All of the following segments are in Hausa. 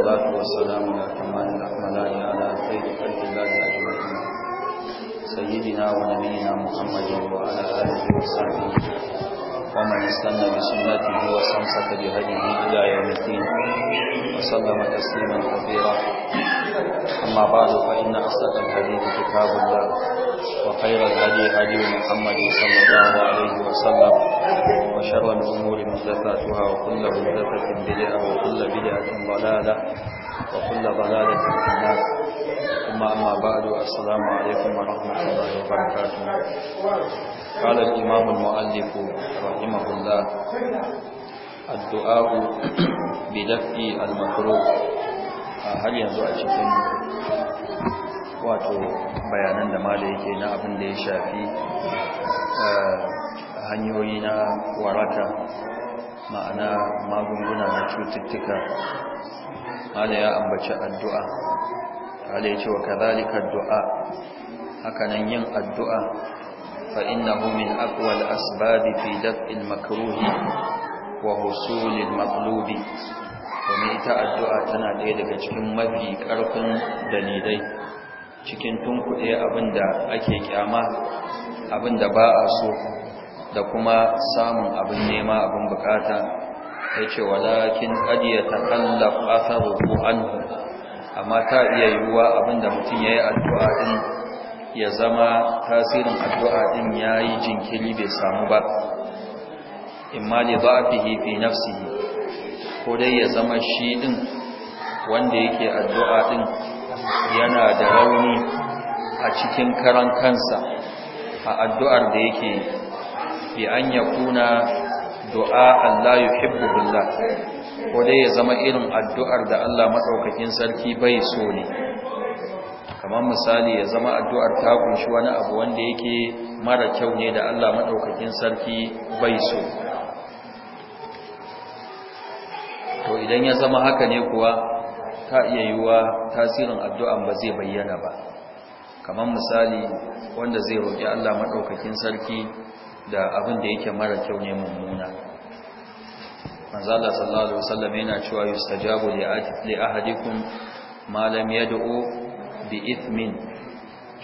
والصلاة والسلام على كمال الأحملان على خير خلق الله أجمعين سيدنا ونبينا محمد وعلى آله وصحبه ومن استنى بسنته واستمسك بهديه إلى يوم الدين وسلم تسليما كثيرا أما بعد فإن أصدق الحديث كتاب الله وخير الهدي هدي محمد صلى الله عليه وسلم وشر الأمور محدثاتها وكل محدثة بدعة وكل بدعة ضلالة وكل ضلالة في النار ثم أما بعد السلام عليكم ورحمة الله وبركاته قال الإمام المؤلف رحمه الله الدعاء بدفء المكروه هل ينزع cikin wato bayanan da malai yake na abin da ya shafi hanyoyi na waraka ma'ana magunguna na cututtuka hala ya ambaci addu'a hala ya ce wa kazalika addu'a hakanan yin addu'a fa innahu min aqwal asbabi fi daf'il makruhi wa husulil maqlubi kuma ita addu'a tana ɗaya daga cikin mafi ƙarfin dalilai cikin tunkuɗe abinda ake kyama abinda ba a so da kuma samun abin nema abin bukata ya ce walakin ƙadiya ta kallaf asaruhu anhu amma ta iya yiwuwa abin da mutum ya yi addu'a ɗin ya zama tasirin addu'a ɗin ya yi jinkiri bai samu ba in ma ne ba fi hifi nafsi ko dai ya zama shi ɗin wanda yake addu'a ɗin yana da rauni a cikin karan kansa a addu'ar da yake fi an ya kuna du'a Allah yuhibbu Allah ko dai ya zama irin addu'ar da Allah madaukakin sarki bai so ne kamar misali ya zama addu'ar ta kunshi wani abu wanda yake mara kyau ne da Allah madaukakin sarki bai so to idan ya zama haka ne kuwa ta iya yiwuwa tasirin addu'an ba zai bayyana ba kamar misali wanda zai roƙi Allah maɗaukakin sarki da abin da yake mara kyau ne mummuna manzo Allah sallallahu alaihi wasallam yana cewa yustajabu li ahadikum ma lam yad'u bi ithmin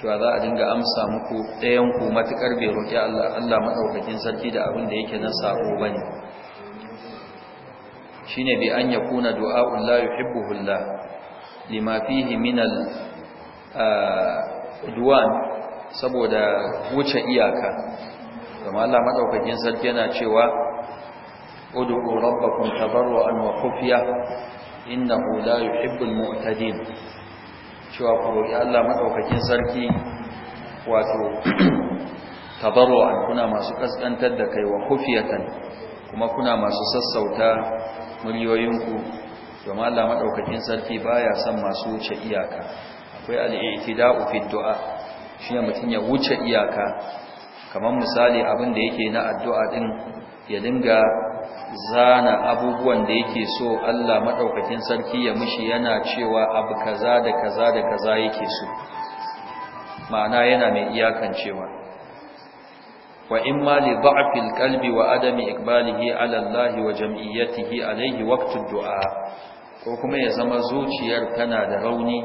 cewa za a dinga amsa muku ɗayan ku matukar bai roki Allah Allah madaukakin sarki da abin da yake na sako bane shine bi an yakuna du'a'un la yuhibbuhu Allah lima fihi min al ah, duwan saboda wuce iyaka kuma Allah madaukakin sarki yana cewa ud'u rabbakum tabarruan wa khufiya innahu la yuhibbul mu'tadin cewa ku roki Allah madaukakin sarki wato tabarruan kuna masu kaskantar da kai wa khufiyatan kuma kuna masu sassauta muryoyinku domin Allah madaukakin sarki baya son masu wuce iyaka akwai al-i'tida'u fi du'a shine mutun ya wuce iyaka kamar misali abin da yake na addu'a din ya dinga zana abubuwan da yake so Allah madaukakin sarki ya mishi yana cewa abu kaza da kaza da kaza yake so ma'ana yana mai iyakancewa wa in ma li da'fil qalbi wa adami iqbalihi ala Allah wa jam'iyyatihi alayhi waqtud du'a ko kuma ya zama zuciyar tana da rauni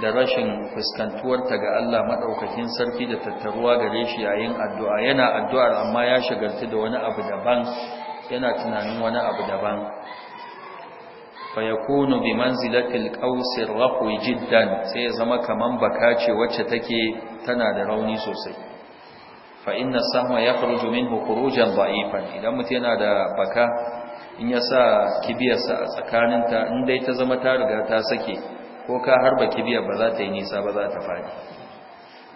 da rashin fuskantuwar ta ga Allah maɗaukakin sarki da tattaruwa gare shi yayin addu'a yana addu'ar amma ya shagartu da wani abu daban yana tunanin wani abu daban Fa fayakunu bi manzilatil qausir raqwi jiddan sai ya zama kaman baka ce wacce take tana da rauni sosai fa inna sahma yakhruju minhu khurujan da'ifan idan mutum yana da baka in ya sa kibiyarsa a tsakaninta in dai ta zama ta riga ta sake ko ka harba kibiyar ba za ta yi nisa ba za ta faɗi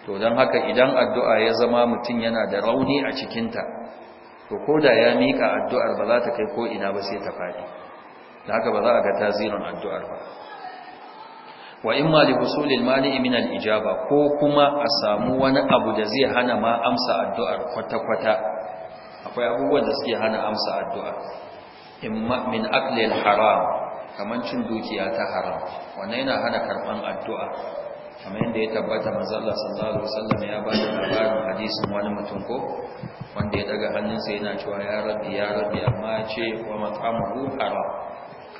to don haka idan addu'a ya zama mutum yana da rauni a cikinta to ko da ya miƙa addu'ar ba za ta kai ko ina ba sai ta faɗi da haka ba za a ga tazirin addu'ar ba wa in ma li mani min ijaba ko kuma a samu wani abu da zai hana ma amsa addu'ar kwata-kwata akwai abubuwan da suke hana amsa addu'a in ma min aklil haram kamar cin dukiya ta haram wanda yana hana karban addu'a kamar yadda ya tabbata mazalla sallallahu alaihi ya ba da labarin hadisin wani mutum ko wanda ya daga hannunsa yana cewa ya rabi ya rabi amma ya ce wa mat'amuhu haram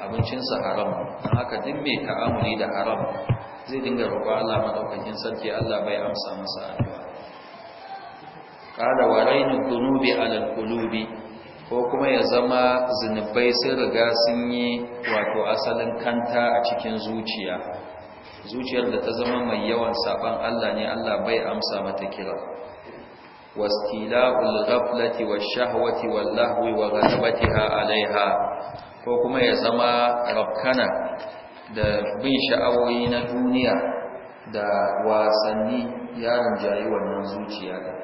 abincinsa haram don haka duk mai ta'amuli da haram zai dinga roƙo Allah madaukakin sarki Allah bai amsa masa addu'a qala wa rainu dhunubi ala al ko kuma ya zama zunubai sun riga sun yi wato asalin kanta a cikin zuciya zuciyar da ta zama mai yawan saban Allah ne Allah bai amsa mata kira wastila'ul ghaflati wash-shahwati wal-lahwi wa ghalabatiha 'alayha ko kuma ya zama rabkana da bin sha'awoyi na duniya da wasanni yaron jayi wannan zuciya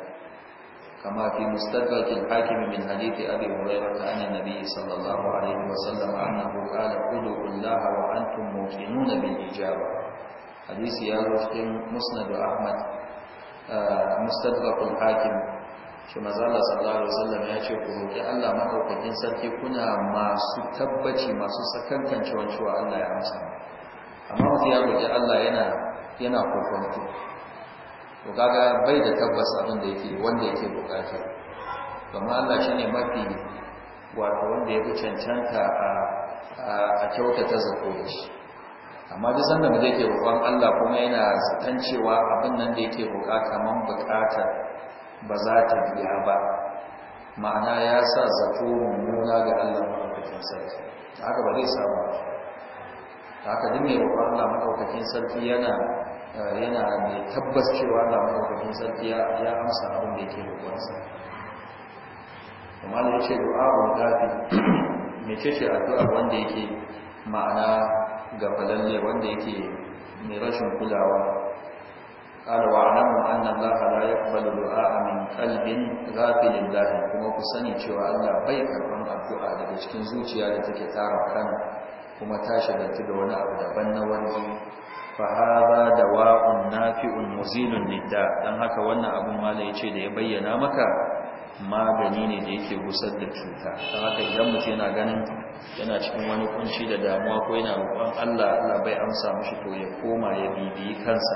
كما في مستدرك الحاكم من حديث أبي هريرة عن النبي صلى الله عليه وسلم أنه قال ادعوا الله وأنتم موقنون بالإجابة حديث يروي مسند أحمد مستدرك الحاكم shi mazala sallallahu alaihi wasallam ya ce ku roki Allah madaukakin sarki kuna masu tabbaci masu sakankancewa cewa Allah ya amsa amma mutum ya roki Allah yana yana to kaga bai da tabbas abin da yake wanda yake bukata kuma Allah shine mafi wato wanda yake cancanta a a kyautata ta da shi amma duk sanda da yake roƙon Allah kuma yana san cewa abin nan da yake bukata man bukata ba za ta biya ba ma'ana ya sa zato mummuna ga Allah madaukakin sarki haka ba zai samu haka duk mai roƙon Allah madaukakin sarki yana Eh, yana mai tabbas cewa da maɗaukakin sarki ya amsa abin da yake rukunsa kuma da ya ce du'a'un gafi mai ce addu'ar wanda yake ma'ana ga falalle wanda yake mai rashin kulawa قال واعلموا ya الله لا يقبل a من kalbin غافل لله kuma ku sani cewa Allah bai karban addu'a daga cikin zuciya da take tsara kan kuma ta da wani abu daban na wani fahaza da wa'un nafi'un muzilun nidda don haka wannan abin mala ya ce da ya bayyana maka magani ne da yake gusar da cuta don haka idan mutum yana ganin yana cikin wani kunci da damuwa ko yana roƙon allah allah bai amsa mashi to ya koma ya bibiyi kansa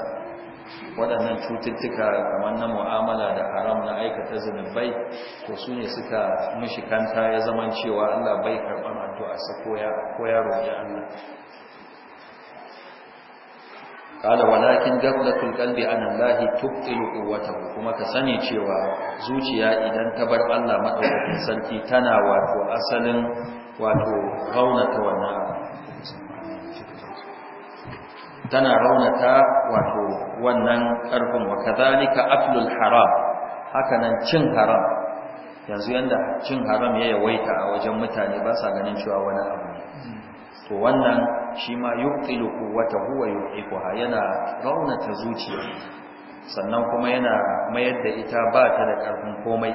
waɗannan cututtuka kamar na mu'amala da haram na aikata zunubai to su ne suka mishi kanta ya zaman cewa allah bai karɓar addu'a sa ko ya roƙi allah قال ولكن غفلة القلب عن الله تبطل قوته kuma ka sani cewa zuciya idan ta bar Allah madaukakin sarki tana wato wato raunata wannan tana raunata wato wannan karfin wa kadhalika haram haka nan cin haram yanzu yanda cin haram ya yawaita a wajen mutane basa ganin cewa wani abu to shi ma yuqilu quwwatahu wa yuqiquha yana raunata zuciya sannan kuma yana mayar da ita ba ta da ƙarfin komai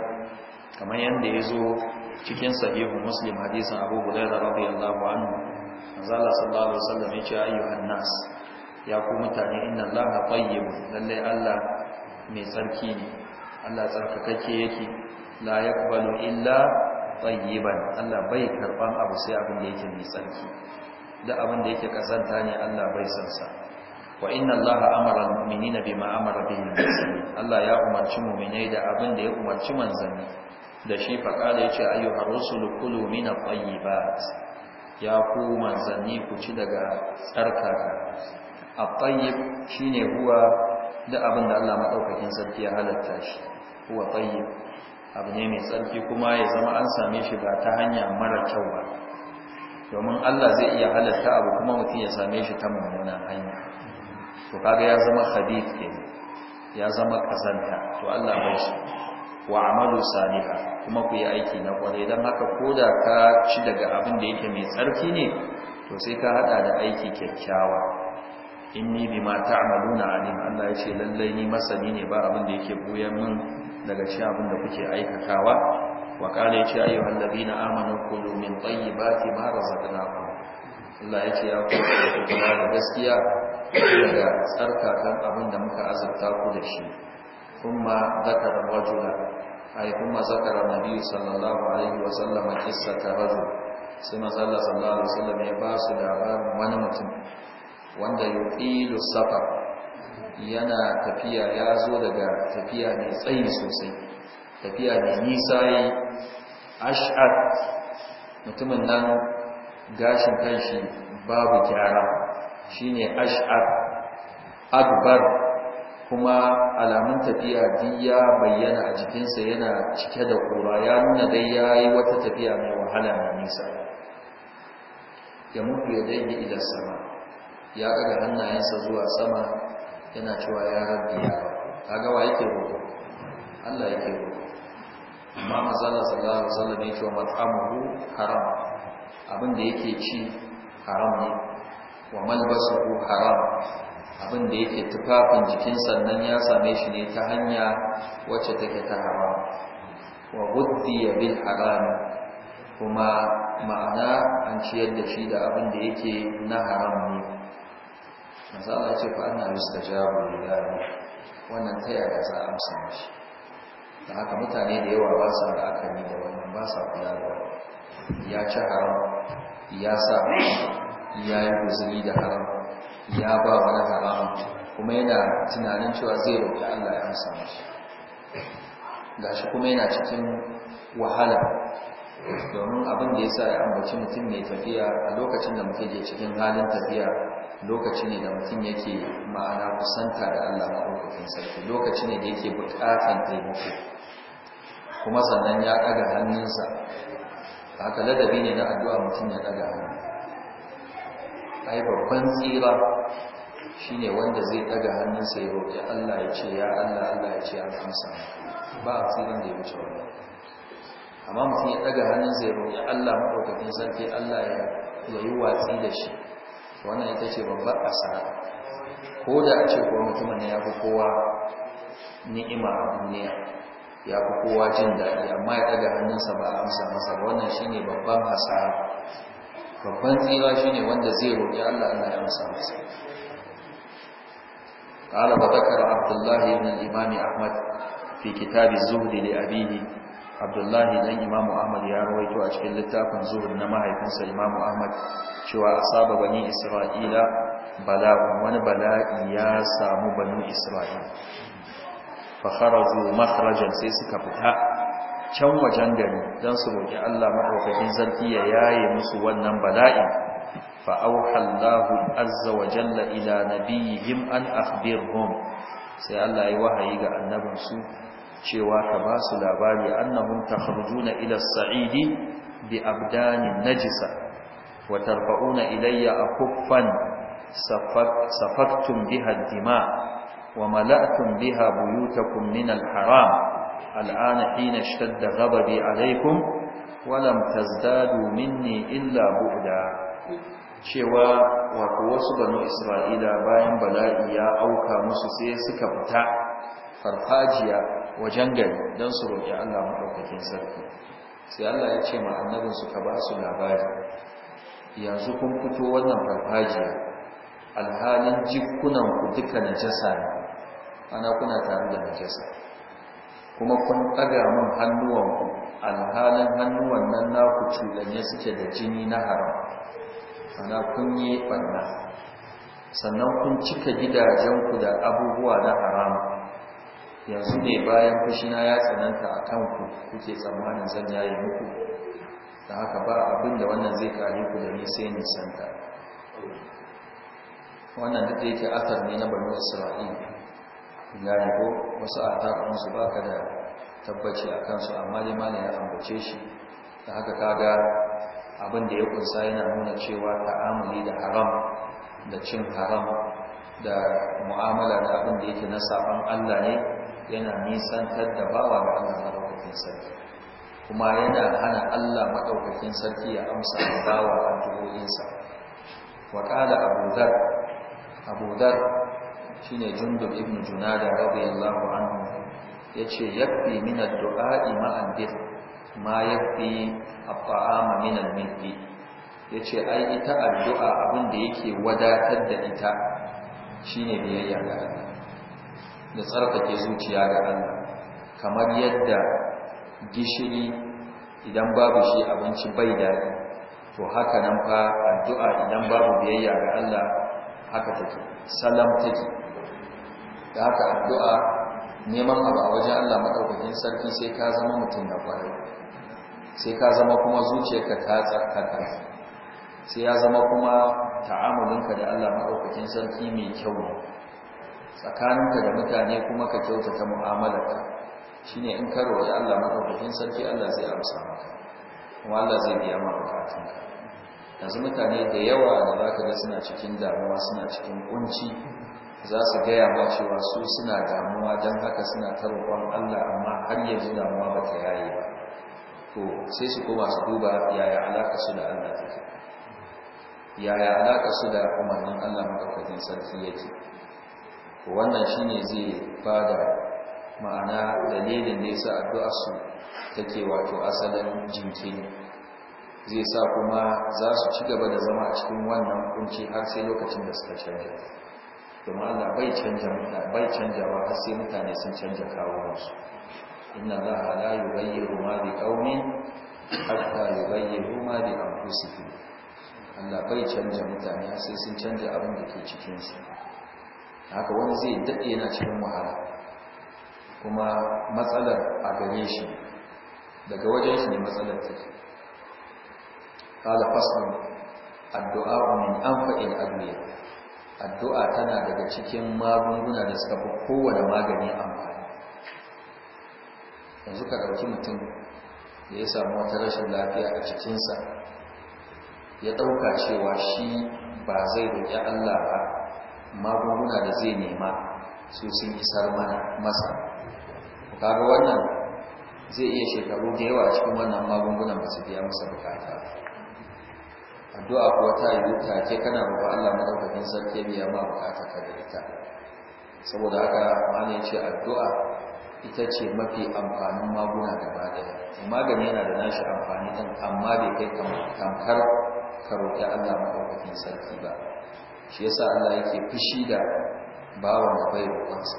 kamar yanda yazo cikin sahihu muslim hadisin abu hurairah radiyallahu anhu manzo Allah sallallahu alaihi ya ce ayyuhan nas ya ku mutane inna tayyib lalle Allah mai tsarki ne Allah tsarkakake yake la yaqbalu illa tayyiban Allah bai karban abu sai abin da yake mai tsarki da abin da yake kasanta ne Allah bai sansa. wa inna Allah amara al bima amara bihi Allah ya umarci mu'minai da abin da ya umarci manzanni da shi faqala yace ayyuha rusulu kulu min at-tayyibat ya ku manzanni ku ci daga tsarkaka at-tayyib shine huwa da abin da Allah madaukakin sarki ya halatta shi huwa tayyib abu ne mai tsarki kuma ya zama an same shi ba ta hanya mara kyau ba domin Allah zai iya halatta abu kuma mutum ya same shi ta mummunan hanya to kaga ya zama khabith ke ya zama kazanta to Allah bai shi wa amalu saliha kuma ku yi aiki na kwarai dan haka koda ka ci daga abin da yake mai tsarki ne to sai ka hada da aiki kyakkyawa inni bima ta'maluna alim Allah ya ce lallai ni masani ne ba abin da yake buyan min daga cikin abin da kuke aikatawa wa kana yace ayyuhal ladina amanu kulu min tayyibati ma razaqnakum Allah yace ya ku kula da gaskiya daga tsarkakan abin da muka azurta ku da shi kuma zakara rajula ai kuma zakara nabi sallallahu alaihi wa sallam qissata rajul sai manzo sallallahu alaihi wa sallam ya ba su labarin wani mutum wanda yuqilu safar yana tafiya ya zo daga tafiya mai tsayi sosai tafiya da nisa yi ash'ad mutumin nan gashin kanshi babu gyara shine ash'ad akbar kuma alamun tafiya duk ya bayyana a jikinsa yana cike da kura ya nuna dai ya yi wata tafiya mai wahala na nisa ya mutu ya daidai idan sama ya ɗaga hannayensa zuwa sama yana cewa ya rabbi ya ga wa yake roƙo Allah yake roƙo amma mazala sallallahu alaihi wasallam ya ce wa mat'amuhu haram abin da yake ci haram ne wa malbasuhu haram abin da yake tufafin jikin sannan ya same shi ne ta hanya wacce take ta haram wa guddiya bil haram kuma ma'ana an ciyar da shi da abin da yake na haram ne mazala ce fa ana yustajabu lillahi wannan ta yaya za a amsa mashi da haka mutane da yawa ba sa la'akari da wannan ba sa kula da ya ci haram ya sa ya yi guzuri da haram ya ba wani haram kuma yana tunanin cewa zai roƙi Allah ya amsa mashi shi kuma yana cikin wahala domin abin da ya sa ya ambaci mutum mai tafiya a lokacin da muke je cikin halin tafiya lokaci ne da mutum yake ma'ana kusanta da Allah lokacin sarki lokaci ne da yake buƙatan taimako kuma sannan ya ɗaga hannunsa haka ladabi ne na addu'a mutum ya ɗaga hannu ai babban tsira shi ne wanda zai ɗaga hannunsa ya roƙi Allah ya ce ya Allah Allah ya ce an amsa ba a tsirin da ya wuce wani amma mutum ya ɗaga hannunsa ya roƙi Allah maɗaukakin sarki Allah ya yi watsi da shi wannan ita ce babbar asara ko da a ce kuwa mutumin ya fi kowa ni'ima a duniya ya fi kowa jin daɗi amma ya ɗaga hannunsa ba a amsa masa ba wannan shi ne babban hasara babban tsira shine wanda zai roƙi allah allah ya amsa masa ƙara ba abdullahi ibn imami ahmad fi kitabi zuhri a bihi abdullahi dan Imam ahmad ya rawaito a cikin littafin zuhri na mahaifinsa Imam ahmad cewa saba bani isra'ila bala'un wani bala'i ya samu bani isra'ila fakharaju makhrajan sai suka fita can wajen gari don su roƙi Allah maɗaukakin sarki ya yaye musu wannan bala'i fa'auha Allahu azza wa jalla ila nabiyihim an akhbirhum sai Allah ya wahayi ga annabinsu cewa ka ba su labari annahum takhrujuna ila as-sa'idi bi abdanin najisa wa tarfa'una ilayya akuffan safaktum biha ad-dima' وملأتم بها بيوتكم من الحرام الآن حين اشتد غضبي عليكم ولم تزدادوا مني إلا بعدا cewa wato wasu banu Isra'ila bayan bala'i ya auka musu sai suka fita farfajiya wajen gari don su roƙi Allah maɗaukakin sarki sai Allah ya ce ma ka ba su labari yanzu kun fito wannan farfajiya alhalin jikunanku duka najasa ne ana kuna tare da najasa kuma kun ɗaga min hannuwanku alhalin hannuwan nan naku cuɗanye suke da jini na haram ana kun yi ɓanna sannan kun cika gidajenku da abubuwa na haram yanzu ne bayan na ya tsananta a kanku kuke tsammanin zan yayi muku da haka ba abin da wannan zai kare ku da ni sai nisanta wannan duk da yake asar ne na bani isra'ila gane ko wasu a takunansu ba ka da tabbaci a kansu amma limanin ya ambace shi da haka kaga abin da ya kunsa yana nuna cewa ta'amuli da haram da cin haram da mu'amala da abinda yake na saban Allah ne yana nisantar da bawa ga Allah maɗaukakin sarki kuma yana hana Allah maɗaukakin sarki ya amsa da bawa a duhoyinsa wa abu dhar ne jundun ibn junada radiyallahu anhu ya yakfi min ad-du'a ma'an bir ma fi at-ta'am min al Ya yace ai ita addu'a abin da yake wadatar da ita shine biyayya ga Allah da tsarkake zuciya ga Allah kamar yadda gishiri idan babu shi abinci bai daɗi to haka nan fa addu'a idan babu biyayya ga Allah haka take salam take da haka addu'a neman abu a wajen Allah maɗaukakin sarki sai ka zama mutum na kwarai sai ka zama kuma zuciyarka ta tsarkaka sai ya zama kuma ta'amulinka da Allah maɗaukakin sarki mai kyau tsakaninka da mutane kuma ka kyautata mu'amalarka ne in karo roƙi Allah maɗaukakin sarki Allah zai amsa maka kuma Allah zai biya ma bukatunka yanzu mutane da yawa da za ka ga suna cikin damuwa suna cikin kunci za su gaya ma cewa su suna damuwa don haka suna tarukon Allah amma har yanzu damuwa ba ta yaye ba to sai su koma su duba yaya alaƙa su da Allah take yaya alaƙa su da umarnin Allah madaukakin sarki yake to wannan ne zai da ma'ana dalilin da yasa addu'a su take wato asalin jinkiri zai sa kuma za su ci gaba da zama a cikin wannan kunci har sai lokacin da suka canza. kuma Allah bai canja bai canjawa har sai mutane sun canja kawunansu inna allaha la yughayyiru ma bi qaumin hatta yughayyiru ma bi anfusihim Allah bai canja mutane har sai sun canja abin da ke cikin su haka wani zai dade yana cikin wahala kuma matsalar a gare shi daga wajen shi ne matsalar take qala fasal addu'a min anfa'il adwiya addu'a tana daga cikin magunguna da suka fi kowane magani amfani yanzu ka ɗauki mutum da ya samu wata rashin lafiya a cikinsa ya ɗauka cewa shi ba zai roƙi Allah ba magunguna da zai nema su sun isar masa kaga wannan zai iya shekaru da yawa cikin wannan magungunan ba su biya masa bukata ba addu'a kuwa ta yi ce kana roƙon Allah madaukakin sarki biya ma bukata ka da ita saboda haka malai ce addu'a ita ce mafi amfanin maguna gaba daya magani yana da nashi amfani din amma bai kai tamkar ka roƙi Allah madaukakin sarki ba shi yasa Allah yake fushi da bawan da bai sa?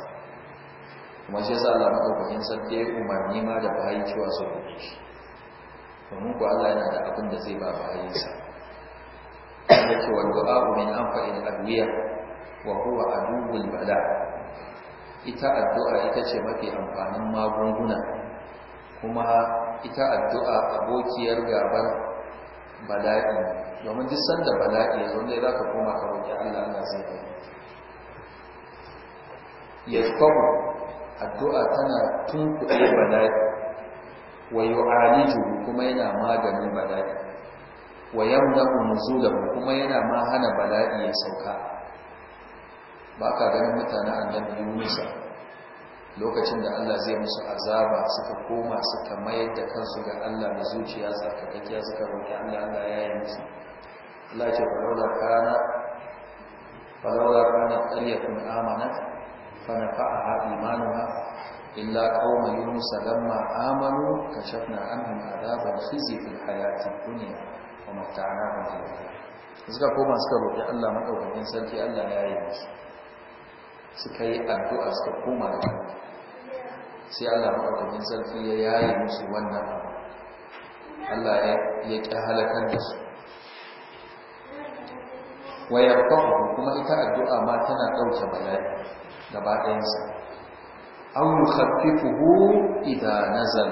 kuma shi yasa Allah madaukakin sarki ya umarni ma da bayi cewa su roƙi shi domin ku Allah yana da abin da zai ba bayinsa yake wa du'a min anfa'il adwiya wa huwa adubul bala ita addu'a ita ce mafi amfanin magunguna kuma ita addu'a abokiyar gaban bala'i domin duk sanda bala'i ya zonde za ka koma ka roƙi Allah Allah zai yi ya kwabu addu'a tana tunkuɗe bala'i wa yu'aliju kuma yana maganin bala'i wa da mu kuma yana ma hana bala'i ya sauka ba ka ganin mutanen annabi musa lokacin da Allah zai musu azaba suka koma suka mayar da kansu ga Allah da zuciya tsarkakakkiya suka roƙi Allah Allah ya yi musu Allah ce falaula kana falaula kana qaryatun amanat fa nafa'aha imanuha illa qauma yunus lamma amanu kashafna anhum adhaba khizy fil hayati dunya ومتعناهم إليه suka koma suka roƙi Allah maɗaukakin sarki Allah ya yi musu suka yi addu'a suka koma da wani sai Allah maɗaukakin sarki ya yaye musu wannan abu Allah ya ƙi halakar da su wayar kwakwakwa kuma ita addu'a ma tana ɗauke bala'i gaba ɗayansa an yi hafifuhu idan nazar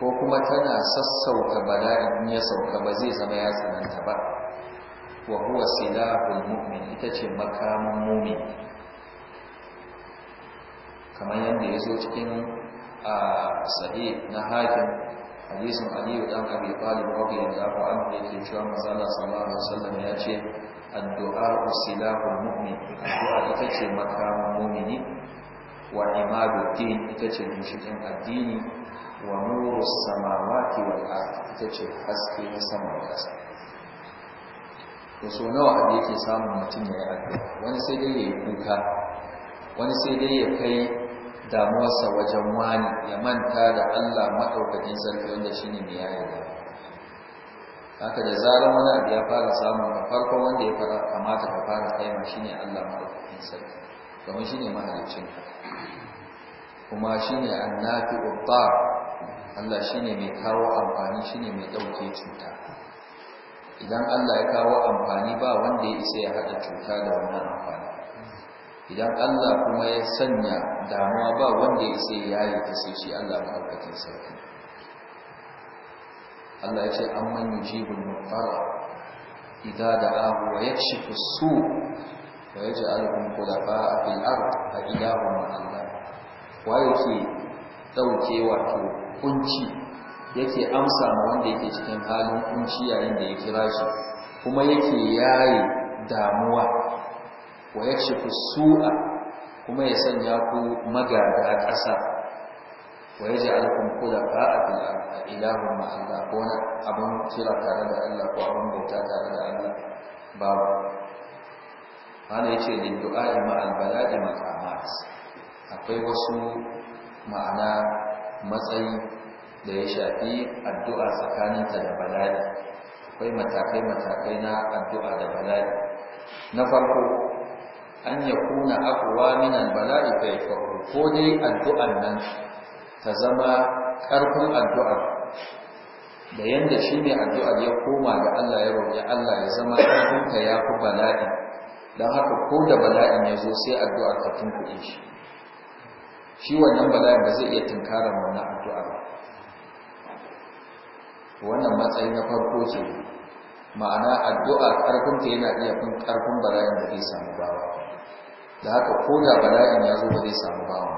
ko kuma tana sassauta bala'in in ya sauka ba zai zama ya tsananta ba wa huwa silahul mu'min ita ce makamin mu'min kamar yadda ya zo cikin a sahih na hakim hadisin aliyu dan abi talib an anhu yake cewa manzala sallallahu alaihi wasallam ya ce addu'a silahul mu'min addu'a ita ce makamin mu'mini wa din ita ce ginshikin addini wa nuru samawati wal ardi ita haske na sama da ƙasa so nawa abin yake samun mutum ya yi addu'a wani sai dai ya yi kuka wani sai dai ya kai damuwarsa wajen wani ya manta da Allah maɗaukakin sarki wanda shine mai yayi haka da zarar wani abu ya fara samun ka farko wanda ya fara kamata ka fara kaima shine Allah maɗaukakin sarki domin shine mahaliccin kuma shine annabi ubbar Allah shi ne mai kawo amfani shi ne mai ɗauke cuta idan Allah ya kawo amfani ba wanda ya isa ya haɗa cuta da wannan amfani idan Allah kuma ya sanya damuwa ba wanda ya isa ya yi ta sai shi Allah mahaukacin sarki Allah ya ce an amman yujibul muqtara da da'ahu wa ya as-su' wa ya ji yaj'alukum khulafa'a fil a fa ilahum ma Allah wa yake dauke wato kunci yake amsa ma wanda yake cikin halin kunci yayin da ya kira shi kuma yake yayi damuwa wa ku su'a kuma ya sanya ku magada ƙasa wa ya ja'ala kum khulafa fil a ilahun ma Allah ko na abun kira tare da Allah ko abun bauta tare da Allah babu ana yake da du'a ma al bala'i maqamat akwai wasu ma'ana matsayi da ya shafi addu'a tsakaninta da bala'i akwai matakai-matakai na addu'a da bala'i na farko an ya kuna akuwa minan bala'i da ya faru ko ne addu'an nan ta zama ƙarfin addu'a da yadda shi ne addu'ar ya koma da Allah ya roƙi Allah ya zama ƙarfinta ya fi bala'i don haka ko da bala'in ya zo sai addu'ar ta kuɗi shi shi wannan bala'in ba zai iya tunkara wannan addu'a ba wannan matsayi na farko ce ma'ana addu'a ta yana iya kun ƙarfin bala'in da zai samu bawa da haka ko da bala'in ya zo ba zai samu bawa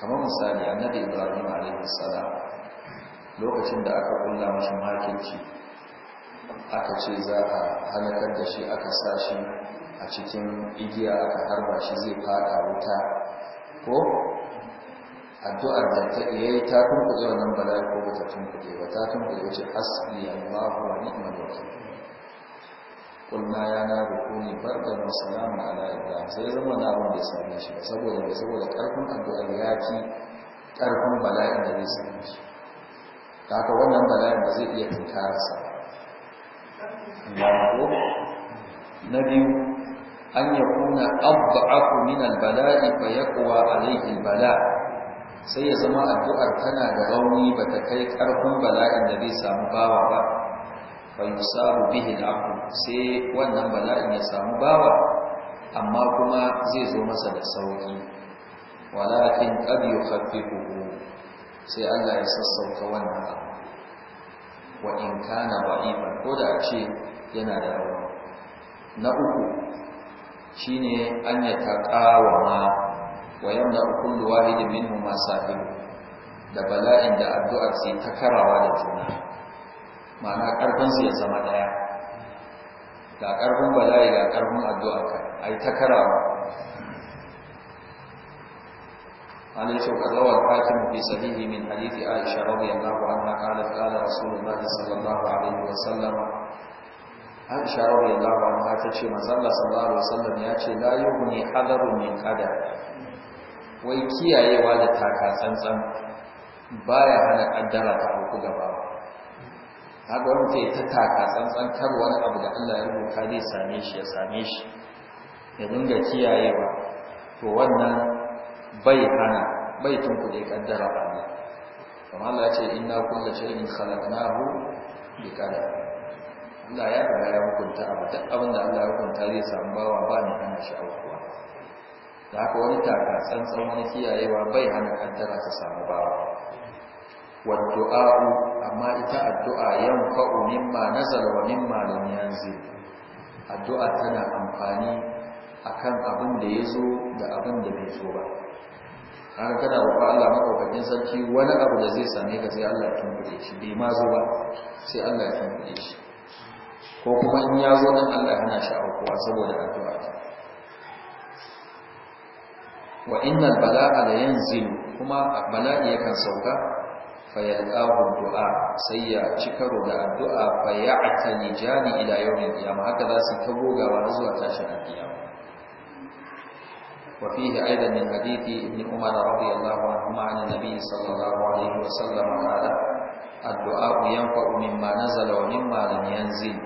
kamar misali annabi ibrahim alaihi salam lokacin da aka kulla mashi makinci aka ce za a halakar da shi aka sa shi a cikin igiya aka harba shi zai fada wuta ko addu'ar da ta yi ta zuwa nan bala'i ko ba ta kuje ba ta tun kuje wace hasbi Allahu wa ni'mal wakil kulna ya na rukuni barkan wa salamun ala ibrahim sai zama na wanda da ya same shi saboda ne saboda karfin addu'ar ya ci karfin bala'i da zai same shi ta haka wannan bala'in ba zai iya tunkararsa ba na biyu an yakuna adhafu min albala'i fa yaqwa alayhi albala sai ya zama addu'ar tana da rauni bata kai ƙarfin bala'in da zai samu bawa ba fa yusabu bihi al'aql sai wannan bala'in ya samu bawa amma kuma zai zo masa da sauki walakin qad yukhaffifuhu sai Allah ya sassauta wannan abu wa in kana da'ifa ko da ce yana da rawa, na uku shine an ya taqawa ma wa yanda kullu wahid minhum masabi da bala'in da addu'ar sai ta karawa da juna ma'ana karfin su ya zama daya Da karfin bala'i da karfin addu'a ai ta karawa Ana yi shauka zawon fatin fi sahihi min hadithi Aisha radiyallahu anha qalat qala Rasulullah sallallahu alaihi wa sallam Aisha radiyallahu anha ta ce manzo Allah sallallahu alaihi wasallam ya ce la yughni hadaru min qadar wai kiyayewa da taka tsantsan baya hana kaddara ta auku gaba haka wani ce ta taka tsantsan kar wani abu da Allah ya rubuta zai same shi ya same shi ya dinga kiyayewa to wannan bai hana bai tunkuɗe kaddara ba kamar Allah ya ce inna kullu shay'in khalaqnahu bi qadar Allah ya riga ya hukunta abu duk abin da Allah ya hukunta zai samu bawa ba ne hana shi aukuwa da haka wani taka tsantsan wani kiyayewa bai hana kaddara ta samu bawa wadda'a'u amma ita addu'a yanfa'u mimma nazala wa mimma lam yanzil addu'a tana amfani akan abin da yazo da abin da bai zo ba har kana roƙon Allah maɗaukakin sarki wani abu da zai same ka sai Allah ya tunkuɗe shi bai ma zo ba sai Allah ya tunkuɗe shi ko kuma in ya zo nan Allah yana shi aukuwa saboda addu'a wa innal bala'a la yanzilu kuma bala'i yakan sauka fa yalqahu du'a sai ya cikaro da addu'a fa ya'tani jani ila yawmin qiyamah haka za su ta gogawa zuwa tashin alqiyama وفيه أيضا من حديث ابن عمر رضي الله عنهما عن النبي صلى الله عليه وسلم قال الدعاء ينفع مما نزل ومما لم ينزل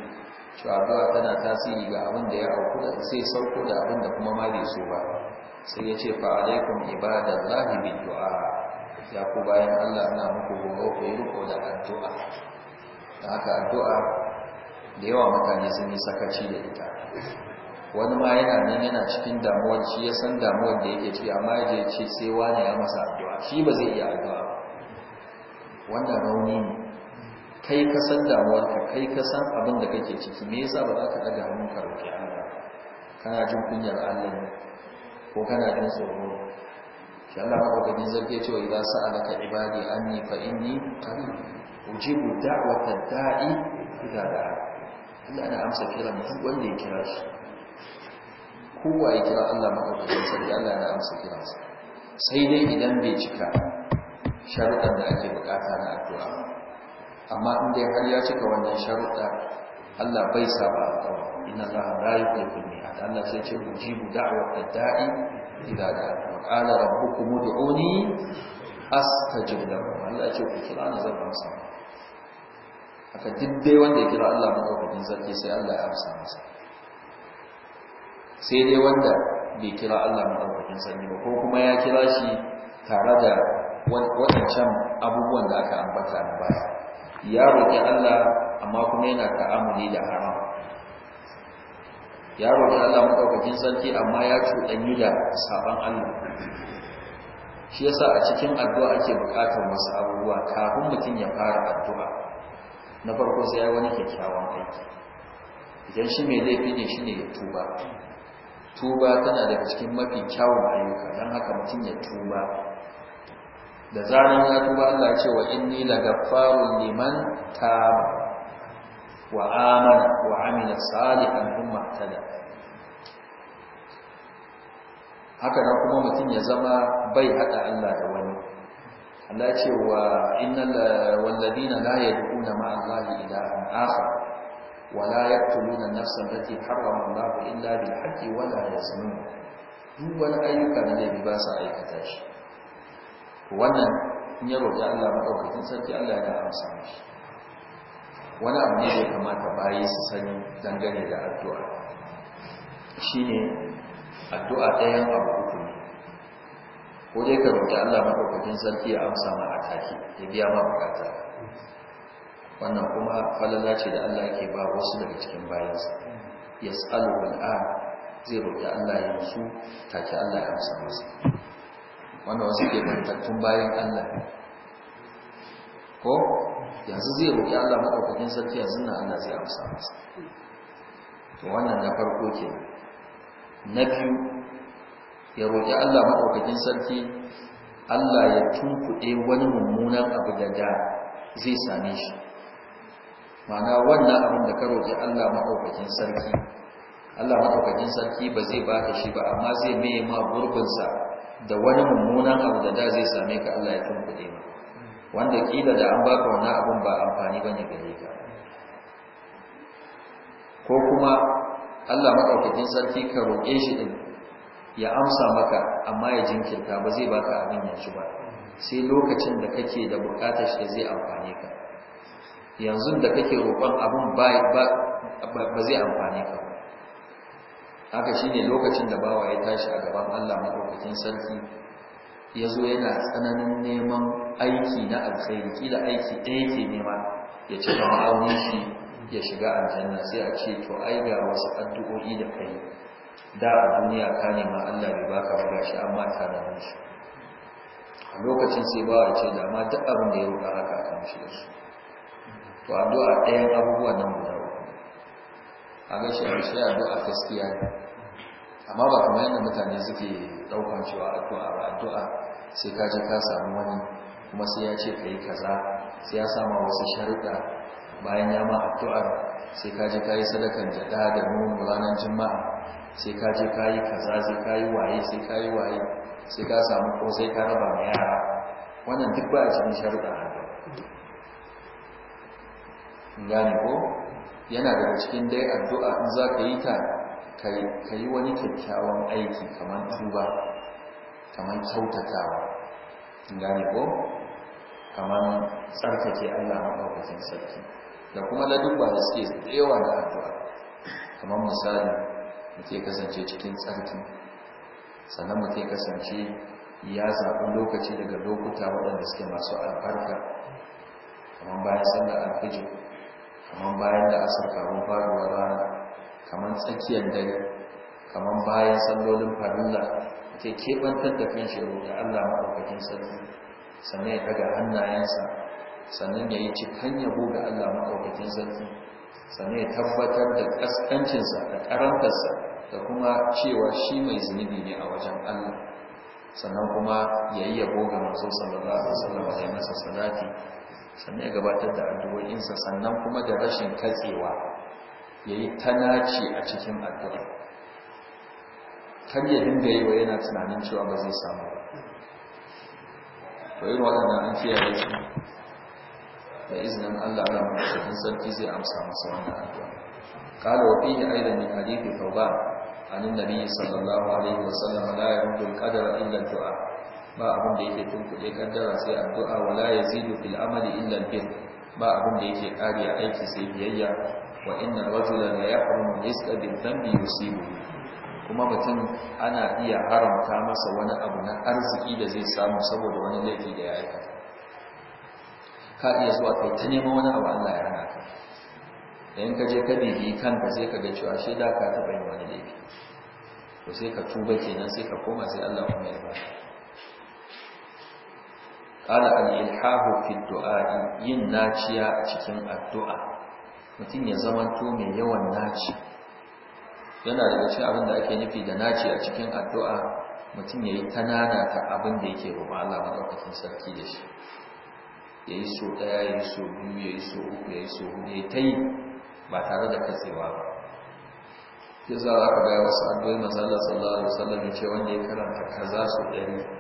shawara tana tasiri ga abin da ya auku da sai sauko da abin da kuma mare so ba sai ya ce fa alaikum lahi bi du'a ya ku bayan Allah ana muku horo ku yi riko da addu'a da haka addu'a da yawa mutane sun yi sakaci da ita wani ma yana nan yana cikin damuwar shi ya san damuwar da yake ci, amma ya ce sai wani ya masa addu'a shi ba zai iya addu'a ba wannan rauni ne kai ka san damuwarka kai ka san abin da kake ciki me yasa ba za ka daga hannun ka roƙi Allah kana jin kunyar Allah ne ko kana jin tsoro shi Allah ba ka jin zarge cewa idan sa'alaka ibadi anni fa inni qarib ujibu da'wata da'i idza da'a Allah na amsa kiran duk wanda ya kira shi kowa ya kira Allah maɗaukakin zarge Allah na amsa kira sai dai idan bai cika sharuɗan da ake bukata na addu'a amma inda har ya cika wannan sharuɗa Allah bai saba alƙawari inna allaha la yukhlifu al Allah sai ce mujibu da'wat da dai idza da'a wa qala rabbukum ud'uni astajib lakum Allah ce ku kira na zan amsa haka ka dai wanda ya kira Allah madaukakin zarki sai Allah ya amsa masa sai dai wanda bai kira Allah madaukakin sarki ba ko kuma ya kira shi tare da wadancan abubuwan da aka ambata na baya ya roƙi Allah amma kuma yana ta'amuli da haram ya roƙi Allah maɗaukakin sarki amma ya cuɗanyi da sabon Allah shi yasa a cikin addu'a ake buƙatar wasu abubuwa kafin mutum ya fara addu'a na farko sai ya wani kyakkyawan aiki idan shi mai laifi ne shi ne ya tuba tuba tana daga cikin mafi kyawun ayyuka don haka mutum ya tuba da zaran ya tuba Allah ce wa inni lagaffarun liman taba wa amana wa amila salihan thumma tada haka nan kuma mutum ya zama bai hada Allah da wani Allah ce wa innal walladina la yad'una ma Allah ilahan akhar wa la yaqtuluna nafsan allati harrama Allah illa bil haqqi wa la yazmun duk wani ayyuka da bai ba sa aikata shi wannan in ya roƙi Allah maɗaukakin sarki Allah ya amsa shi. wani abu ne da ya kamata bayi su sani dangane da addu'a Shi ne addu'a ɗayan abu uku ne ko dai ka roƙi Allah maɗaukakin sarki ya amsa ma a take ya biya ma bukata wannan kuma falala ce da Allah yake ba wasu daga cikin bayansa yas'alu al'an zai roƙi Allah ya su take Allah ya amsa masa wanda wasu ke bantattun bayan Allah ko yanzu zai roƙi Allah maɗaukakin sarki yanzu na Allah zai amsa masa to wannan na farko ke na biyu ya roƙi Allah maɗaukakin sarki Allah ya tunkuɗe wani mummunan abu da da zai same shi ma'ana wannan abin da ka roƙi Allah maɗaukakin sarki Allah maɗaukakin sarki ba zai baka shi ba amma zai mai ma gurbinsa da wani mummunan abu da da zai same ka Allah ya tunkuɗe ma wanda kila da an baka wani abun ba amfani bane gare ka ko kuma Allah madaukakin sarki ka roƙe shi din ya amsa maka amma ya jinkirta ba zai baka abin yanzu ba sai lokacin da kake da buƙatar shi zai amfane ka yanzu da kake roƙon abin ba zai amfane ka haka shine lokacin da bawa ya tashi a gaban Allah madaukakin sarki ya zo yana tsananin neman aiki na alkhairi kila aiki ɗaya ke nema ya cika ma'aunin shi ya shiga aljanna sai a ce to ai ga wasu addu'o'i da kai da a duniya ka nema Allah bai baka ba shi amma ta da shi a lokacin sai ba ya ce da ma duk abin da ya roƙa haka a kan shi da su to addu'a ɗayan abubuwa nan a ga shi a addu'a gaskiya ne amma ba kuma yadda mutane suke daukan cewa addu'a ba addu'a sai ka je ka samu wani kuma sai ya ce ka yi kaza sai ya sama wasu sharuɗa bayan ya ma addu'ar sai ka je ka yi sadakan jada da nuna ranar juma'a sai ka je ka yi kaza sai ka yi waye sai ka yi waye sai ka samu ko sai ka raba ma yara wannan duk ba a cikin sharuɗa haka gane ko yana daga cikin dai addu'a in za ka yi ta ka yi wani kyakkyawan aiki kamar tuba kamar kyautatawa gani ko kamar tsarkake allah maɗaukakin sarki da kuma ladubba da suke tsewa da addu'a kamar misali muke kasance cikin tsarki sannan muke kasance ya zaɓi lokaci daga lokuta waɗanda suke masu albarka kamar bayan sanda alfijin kamar bayan da asar kamar faruwar rana kamar tsakiyar dare kamar bayan sallolin farilla ke kebantar da kan shi da Allah maɗaukakin sarki sannan ya daga hannayensa sannan ya yi cikin yabo ga Allah maɗaukakin sarki sannan ya tabbatar da ƙasƙancinsa da ƙarantarsa da kuma cewa shi mai zunubi ne a wajen Allah sannan kuma ya yi yabo ga masu sallallahu alaihi wasallam da masa salati sannan ya gabatar da addu'o'insa sannan kuma da rashin katsewa ya yi tanaci a cikin addu'a kar ya da yi wa yana tunanin cewa ba zai samu ba to irin waɗannan an kiyaye su da izinin Allah Allah mai sarki zai amsa masa wannan addu'a قال وفيه أيضا من حديث ثوبان عن da صلى الله عليه وسلم لا يرد القدر إلا الدعاء ba abin da yake tunkuɗe kaddara sai addu'a wala yazidu fil amali illa al ba abin da yake ƙari a aiki sai biyayya wa inna rajula la yahrumu rizqa bil dhanbi yusibu kuma mutum ana iya haramta masa wani abu na arziki da zai samu saboda wani laifi da ya aikata ka iya zuwa kai ta neman wani abu Allah ya hana ka in ka je ka bibi kanka sai ka ga cewa shi da ka taɓa yin wani laifi to sai ka tuba kenan sai ka koma sai Allah kuma ya baka qala al-ilhahu fi du'a yin naciya a cikin addu'a mutum ya zamanto mai yawan naci yana daga cikin abin da ake nufi da naci a cikin addu'a mutum yayi tanana ta abin da yake roba Allah madaukakin sarki da shi yayi so daya yayi so biyu yayi so uku yayi so hudu ta tai ba tare da katsewa ba sai za ka ga wasu addu'o'i manzo Allah sallallahu alaihi wasallam ya ce wanda ya karanta kaza so ɗari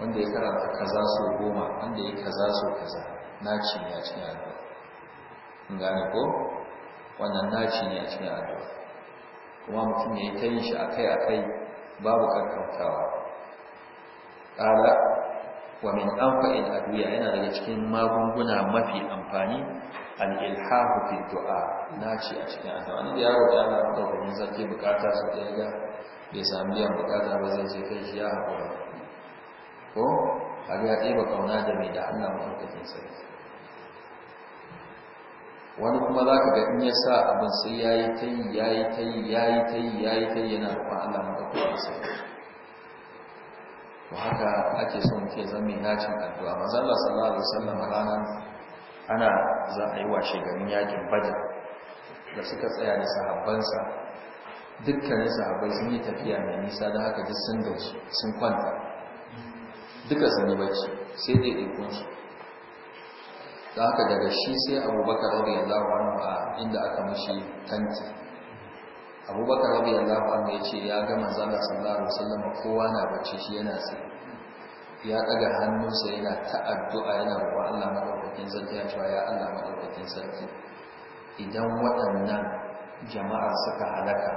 wanda ya karanta kaza sau goma wanda ya kaza sau kaza naci ne a cikin addu'a kun gane ko wannan naci ne a cikin addu'a kuma mutum ya yi ta yin shi a kai babu karkantawa Ƙala, wa min a addu'a yana daga cikin magunguna mafi amfani al-ilhahu fi du'a naci a cikin addu'a Wani da yaro da na da bukata su da ga bai sami biyan bukata ba zai je kai shi ya haƙura ko abu ya ɗiba kauna da mai da Allah maɗaukakin sarki wani kuma za ka ga in ya sa abin sai ya yi ta yi ya yi ta yi ya yi ta yi ya yi ta yi yana roƙon Allah maɗaukakin sarki to haka ake son ke zama mai addu'a manzo sallallahu alaihi wasallam ranar ana za a yi washe garin yakin badar da suka tsaya da sahabbansa dukkanin sahabbai sun yi tafiya mai nisa da haka duk sun dausu sun kwanta duka sun yi bacci sai dai su da haka daga shi sai abubakar rabi yallahu anhu a inda aka mashi tanti abubakar rabi yallahu anhu ya ce ya ga manzala sallallahu alaihi wasallam kowa na bacci shi yana tsaye ya ɗaga hannunsa yana ta addu'a yana roƙon Allah madaukakin sarki ya cewa ya Allah madaukakin sarki idan waɗannan jama'ar suka halaka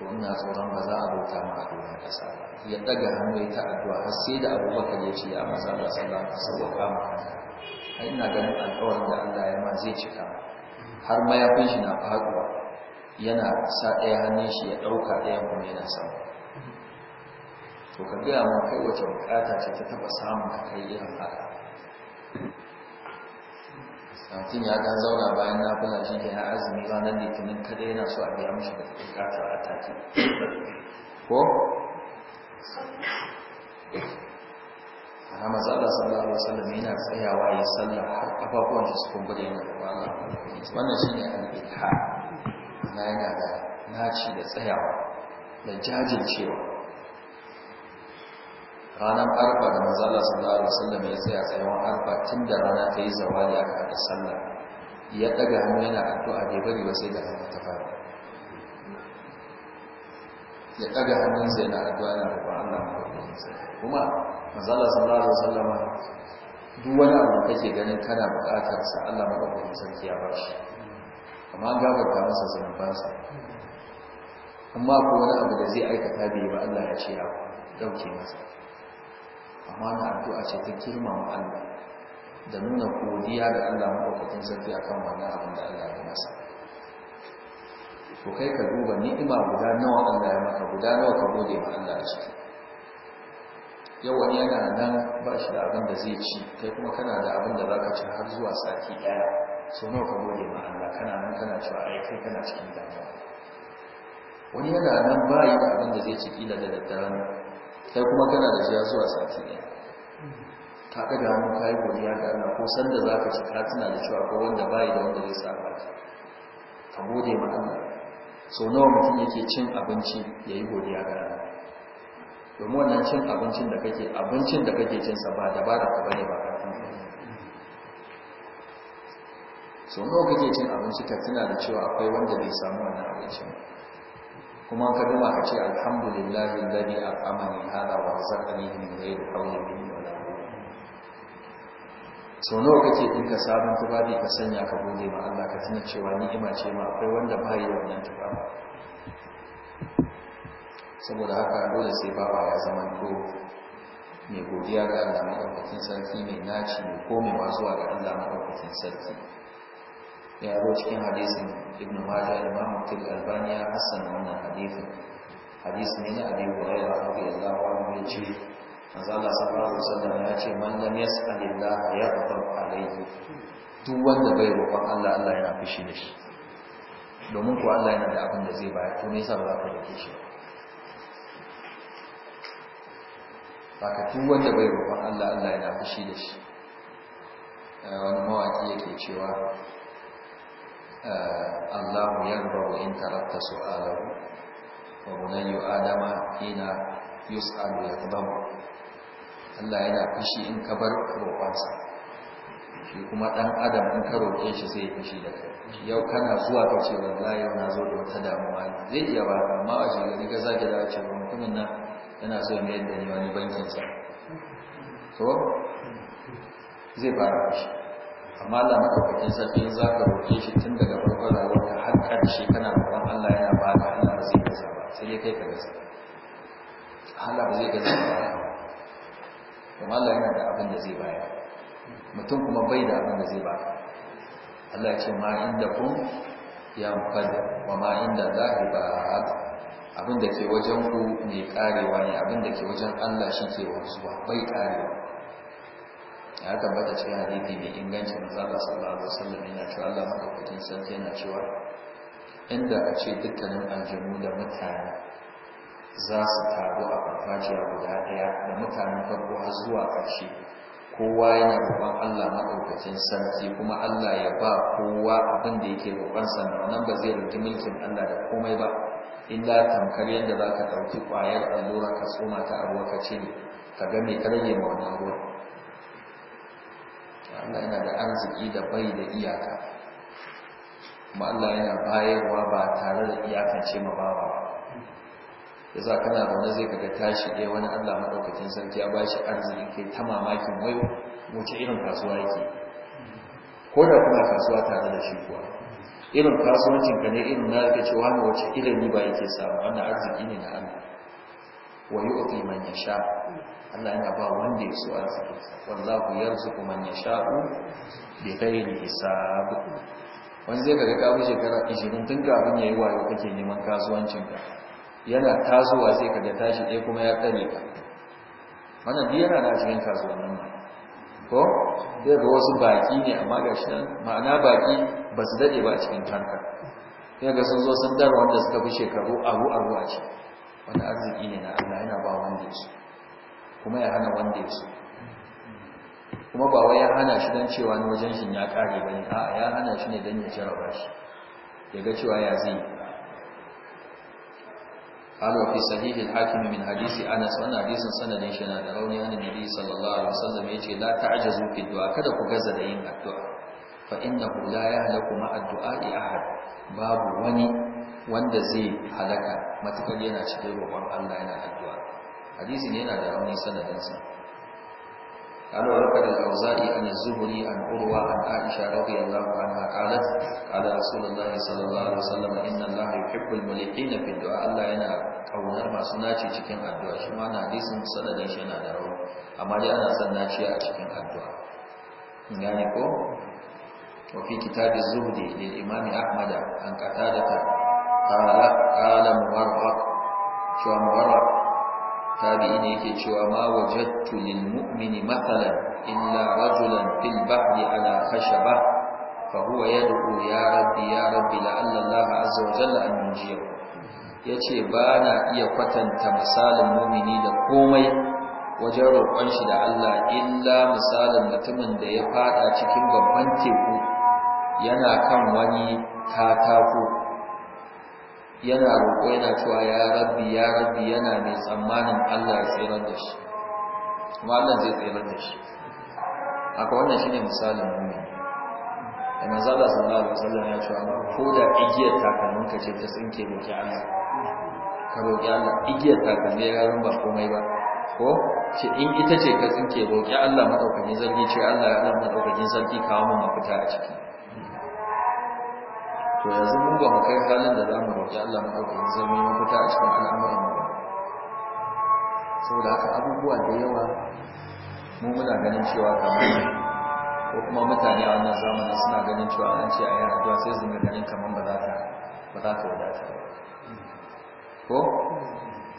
to ina tsoron ba za a bauta ma a duniya ƙasa ba ya daga hannu ya ta addu'a har sai da abubakar ya ce ya maza da sallah saboda sauwaka A ina ganin alƙawarin da Allah ya ma zai cika har mayafin shi na faɗuwa yana sa ɗaya hannun shi ya ɗauka ɗaya kuma yana sama to ka gaya mun kai wace bukata ce ta taɓa samun ka kai irin haka mutum ya kan zauna bayan na kula shi ke na azumi ranar litinin kada yana so a biya mishi da bukata a take ko ana masu Allah sallallahu alaihi wasallam yana tsayawa ya sallah har kafafuwan su kumbure yana da wala wannan shine al-ilha na yana da naci da tsayawa da jajin cewa. Ranan arfa da manzo Allah sallallahu alaihi wasallam ya tsaya tsayawan arfa tun da rana ta yi zawali aka haɗa sallah ya daga hannu yana addu'a bai bari ba sai da rana ta fara ya ɗaga hannunsa yana addu'a yana roƙon Allah madaukakin sarki kuma manzala sallallahu alaihi wasallam duk wani abu da kake ganin kana buƙatar sa Allah madaukakin sarki ya bashi amma an ga masa zunubansa amma ko wani abu da zai aikata bai ba Allah ya ce ya dauke masa amma na addu'a ce ta girmama Allah da nuna godiya da Allah madaukakin sarki akan wannan abin da Allah ya masa to kai ka duba ni'ima guda nawa Allah ya maka guda nawa ka gode ma Allah a ciki yau wani yana nan ba shi da abin da zai ci kai kuma kana da abin da zaka ci har zuwa sati daya so nawa ka gode ma Allah kana nan kana cewa ai kai kana cikin damuwa wani yana nan ba yi da abin da zai ci kila da daddaren kai kuma kana da jiya zuwa sati daya ka ɗaga mun kai godiya ga Allah ko sanda zaka ci ka tuna da cewa ko wanda bai da wanda zai sa ka gode ma Allah sau nawa mutum yake cin abinci ya yi godiya ga Allah domin wannan cin abincin da kake abincin da kake cin sa ba dabara ka bane ba karfin ka sau nawa kake cin abinci ka tuna da cewa akwai wanda bai samu wannan abincin kuma ka gama ka ce alhamdulillahi alladhi at'amani hada wa razaqani min ghairi hawlin sau nawa kake ka sabon tufafi ka sanya ka gode ma Allah ka tuna cewa ni'ima ce ma akwai wanda ba yi wannan tufafi saboda haka dole sai baba ya zama ko mai godiya ga Allah maɗaukakin sarki mai naci mai komewa zuwa ga Allah maɗaukakin sarki ya zo cikin hadisin ibn majah da mamutul albani ya hassan wannan hadisin hadisi ne na abin hurairah radiyallahu anhu ya ce manzala sallallahu alaihi wasallam ya ce man lam yas'alillah a alayhi duk wanda bai roƙon Allah Allah yana fushi da shi domin ko Allah yana da abin da zai bayar to me yasa ba za ka roƙe shi ba ka duk wanda bai roƙon Allah Allah yana fushi da shi eh, wani mawaƙi yake cewa eh, Allahu yarbaru in tarakta su'alahu wa bunayyu adama hina yus'alu yaqdamu Allah yana fushi in ka bar roƙonsa shi kuma ɗan adam in ka roƙe shi zai fushi da kai yau kana zuwa ka ce wallahi yau na zo da wata damuwa ne zai iya ba amma a shigari ka zage da ce mutumin nan yana so ne yadda ne wani bankin sa to zai fara fushi amma Allah fakin sarki in za ka roƙe shi tun daga farkon rayuwarka har ƙarshe kana roƙon Allah yana ba da Allah ba zai gaza ba sai dai kai ka gaza Allah ba zai gaza ba kuma Allah yana da abin da zai bayar mutum kuma bai da abin da zai bayar. Allah ce ma inda kun ya mukalla wa ma inda zahi ba abin da ke wajen ku mai karewa ne abin da ke wajen Allah shi ke ba bai karewa ya tabbata cikin hadithi mai inganci na Allah sallallahu alaihi wasallam yana cewa Allah madaukakin sarki yana cewa inda a ce dukkanin aljanu da mutane za su taru a farfajiya guda ɗaya da mutanen farko har zuwa ƙarshe kowa yana roƙon Allah maɗaukacin sarki kuma Allah ya ba kowa abin da yake roƙon sannan wannan ba zai roƙi mulkin Allah da komai ba illa tamkar yadda za ka ɗauki ƙwayar allura ka tsoma ta a ruwa ka cire ka ga mai karye ma wannan ruwan Allah yana da arziki da bai da iyaka kuma Allah yana bayarwa ba tare da iyakance ma bawa ba yasa kana zaune zai kaga tashi dai wani Allah madaukakin sarki ya bashi arziki kai ta mamakin wai wace irin kasuwa yake ko da kuna kasuwa tare da shi kuwa irin kasuwancin ka ne irin na ka ce wani wace ni ba yake samu wannan arziki ne na Allah wa yu'ti man yasha Allah yana ba wanda ya so arziki wallahu yarzuqu man yasha'u bi ghairi hisab wani zai kaga ka shekara 20 tun kafin yayi wayo kake neman kasuwancin ka yana tasowa sai ka da tashi ɗaya kuma ya tsane ka mana biyu yana da cikin kasuwannin nan ko zai ga wasu baki ne amma ga shi nan ma'ana baki ba su daɗe ba a cikin tanka sai ga sun zo sun dara wanda suka fi shekaru aru aru a ce wani arziki ne na Allah yana ba wanda ya so kuma ya hana wanda ya so kuma ba wai ya hana shi don cewa ni wajen shi ya kare ba ne a'a ya hana shi ne don ya jarraba shi ya ga cewa ya zai قال وفي صحيح الحاكم من حديث انس وانا حديث سند shi na da rauni an annabi sallallahu alaihi wasallam yace la ta'jazu fi kada ku gaza da yin addu'a fa innahu la yahlaku ma addu'a ahad babu wani wanda zai halaka matakar yana cikin roƙon Allah yana addu'a hadisin ne yana da rauni sanadinsa قال وقد الأوزائي عن الزهري عن عروة عن عائشة رضي الله عنها قالت قال رسول الله صلى الله عليه وسلم إن الله يحب الملحين في الدعاء الله ينا kaunar masu naci cikin addu'a shi ma na hadisin sanadin shi na da rawa amma dai ana son naci a cikin addu'a in gane ko wa fi kitabi zuhdi lil ahmad an qatada qala qala tabi'i ne yake cewa ma wajadtu lil mu'mini mathalan illa rajulan fil bahri ala khashaba fa huwa yad'u ya rabbi ya rabbi la'alla Allah azza wa jalla an yujiyahu yace ba na iya kwatanta misalin mu'mini da komai wajen roƙon shi da Allah illa misalin mutumin da ya fada cikin babban teku yana kan wani katako yana roƙo yana cewa ya rabbi ya rabbi yana mai tsammanin Allah ya tsirar da shi kuma Allah zai tsirar da shi aka wannan shine misalin mumin da manzo Allah sallallahu alaihi wasallam ya cewa ko da igiyar takalmin ka ce ta tsinke roƙi Allah ka roƙi Allah igiyar takalmin ya ba komai ba ko ce in ita ce ka tsinke roƙi Allah madaukakin sarki ce Allah ya Allah madaukakin sarki kawo mun mafita a ciki to yanzu mu ba mu kai halin da za mu roƙi Allah mu ɗauki zama mu fita a cikin al'amuran mu saboda haka abubuwa da yawa mu muna ganin cewa kamar ko kuma mutane a wannan zamanin suna ganin cewa an ce a yi addu'a sai su ganin kamar ba za ka ba za ka wadata ta ko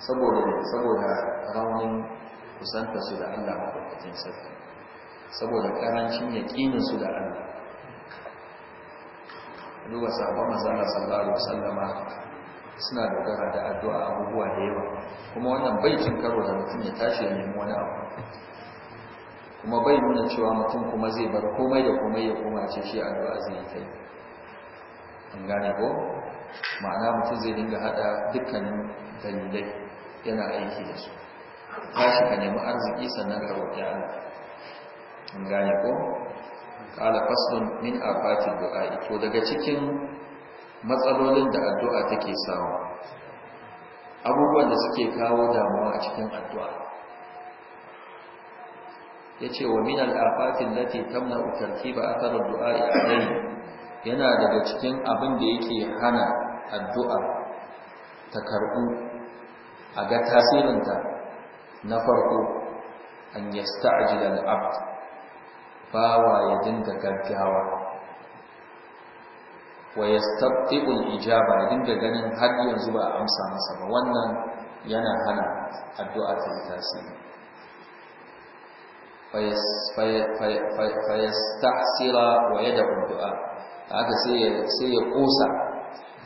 saboda saboda raunin kusanta su da Allah maɗaukakin sarki saboda karancin yaƙinin su da Allah duba sabon mazala sallallahu alaihi wasallama suna dogara da addu'a abubuwa da yawa kuma wannan bai cin karo da mutum ya tashi ya nemi wani abu kuma bai nuna cewa mutum kuma zai bar komai da komai ya koma ce shi addu'a zai kai an gane ko ma'ana mutum zai dinga hada dukkanin dalilai yana aiki da su tashi ka nemi arziki sannan ka roƙi Allah an gane ko kala faslun min afati du'a to daga cikin matsalolin da addu'a take samu abubuwan da suke kawo damuwa a cikin addu'a yace wa min al-afati allati tamna'u tartiba athar ad-du'a alayhi yana daga cikin abin da yake hana addu'a ta karbu a ga tasirinta na farko an yasta'jila al-abd bawa ya dinga gaggawa wa yastabti'u al-ijaba ya dinga ganin har yanzu ba a amsa masa ba wannan yana hana addu'a ta tasiri fayastahsira wa yada du'a haka sai sai ya kosa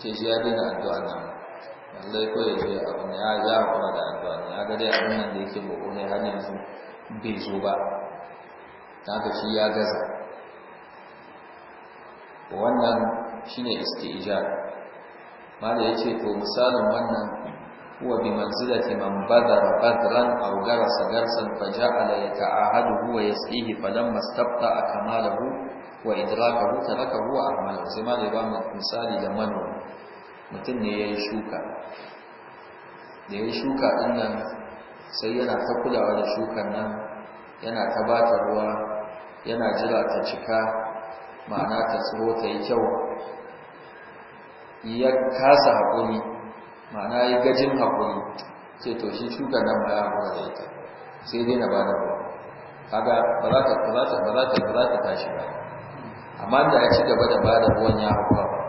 ce shi ya addu'a nan lallai ko ya je abu ya ya fara da addu'a ya ga dai abin da yake roƙo har yanzu bai zo ba haka shi ya gaza wannan shine isti'jar mala ce to misalin wannan huwa bi manzilati man badara badran aw garasa garsan faja'ala yata'ahadu huwa yasqihi falamma istabta akmalahu wa idrakahu taraka huwa ahmalahu sai mala ba mu misali da manu mutum ne yayi shuka da yayi shuka din nan sai yana ta kulawa da shukan nan yana ta bata ruwa yana jira ta cika ma'ana ta tsoro ta yi kyau ya kasa haƙuri ma'ana ya gajin haƙuri sai to shi shuka nan ba ya haƙura da ita sai dai na ba da kaga ba za ta ba za ta ba za ta tashi ba amma da ya ci gaba da ba da ruwan ya haƙura ba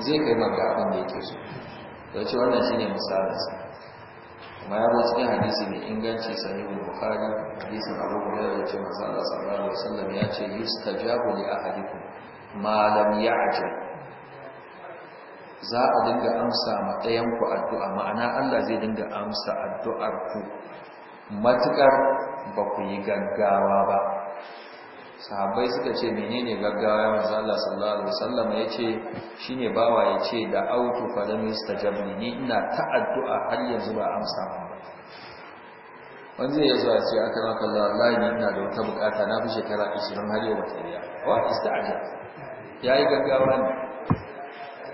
zai kai maka abin da yake so Ya ce wannan shine misalinsa ma ya wasu ɗin hadisi mai inganci sahihul bukhari hadisin abu hurairah yace manzo Allah sallallahu alaihi wasallam ya ce ne a ahadikum ma lam ajiye. za a dinga amsa ma ɗayan ku addu'a ma'ana Allah zai dinga amsa addu'ar ku matukar ba ku yi gaggawa ba sahabbai suka ce menene gaggawa ya manzo Allah sallallahu alaihi wasallam ce shine bawa ya ce da autu fa lam yastajabni ni ina ta'addu'a har yanzu ba amsa min ba wanda ya zuwa ce aka maka wallahi ni ina da wata bukata na fi shekara 20 har yau ba ta riya wa ista'ajab yayi gaggawa ne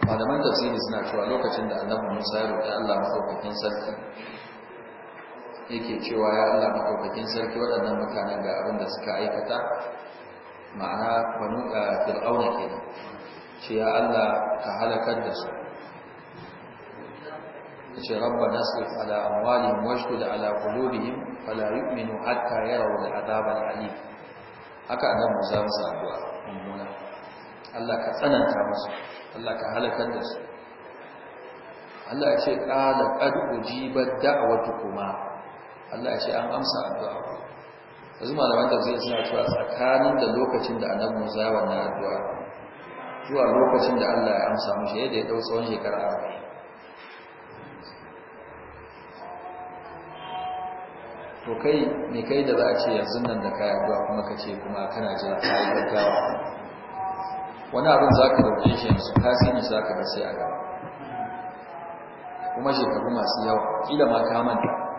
malaman tafsiri suna cewa lokacin da Annabi Musa ya roƙi Allah madaukakin sarki yake cewa ya Allah madaukakin sarki waɗannan mutanen ga abin da suka aikata ma'ana banu a eh, fir'auna ke ce ya Allah ka halakar da su ce rabba nasrif ala amwalihim washdud ala qulubihim fala yu'minu hatta yarawu azabar al'alim haka nan mu masa addu'a mummuna Allah ka tsananta musu Allah ka halakar da su Allah ya ce qala qad ujibat kuma. Allah ce an amsa addu'a yanzu malaman tafsir suna cewa tsakanin da lokacin da annabi Musa ya wannan addu'a zuwa lokacin da Allah ya amsa mishi yadda ya dau tsawon shekara arba'in to kai ne kai da za a ce yanzu nan da kayan zuwa kuma ka ce kuma kana jira yi gaggawa wani abin za ka dauke shi yanzu tasirin za ka ga a gaba kuma shekaru masu yawa kila ma ka manta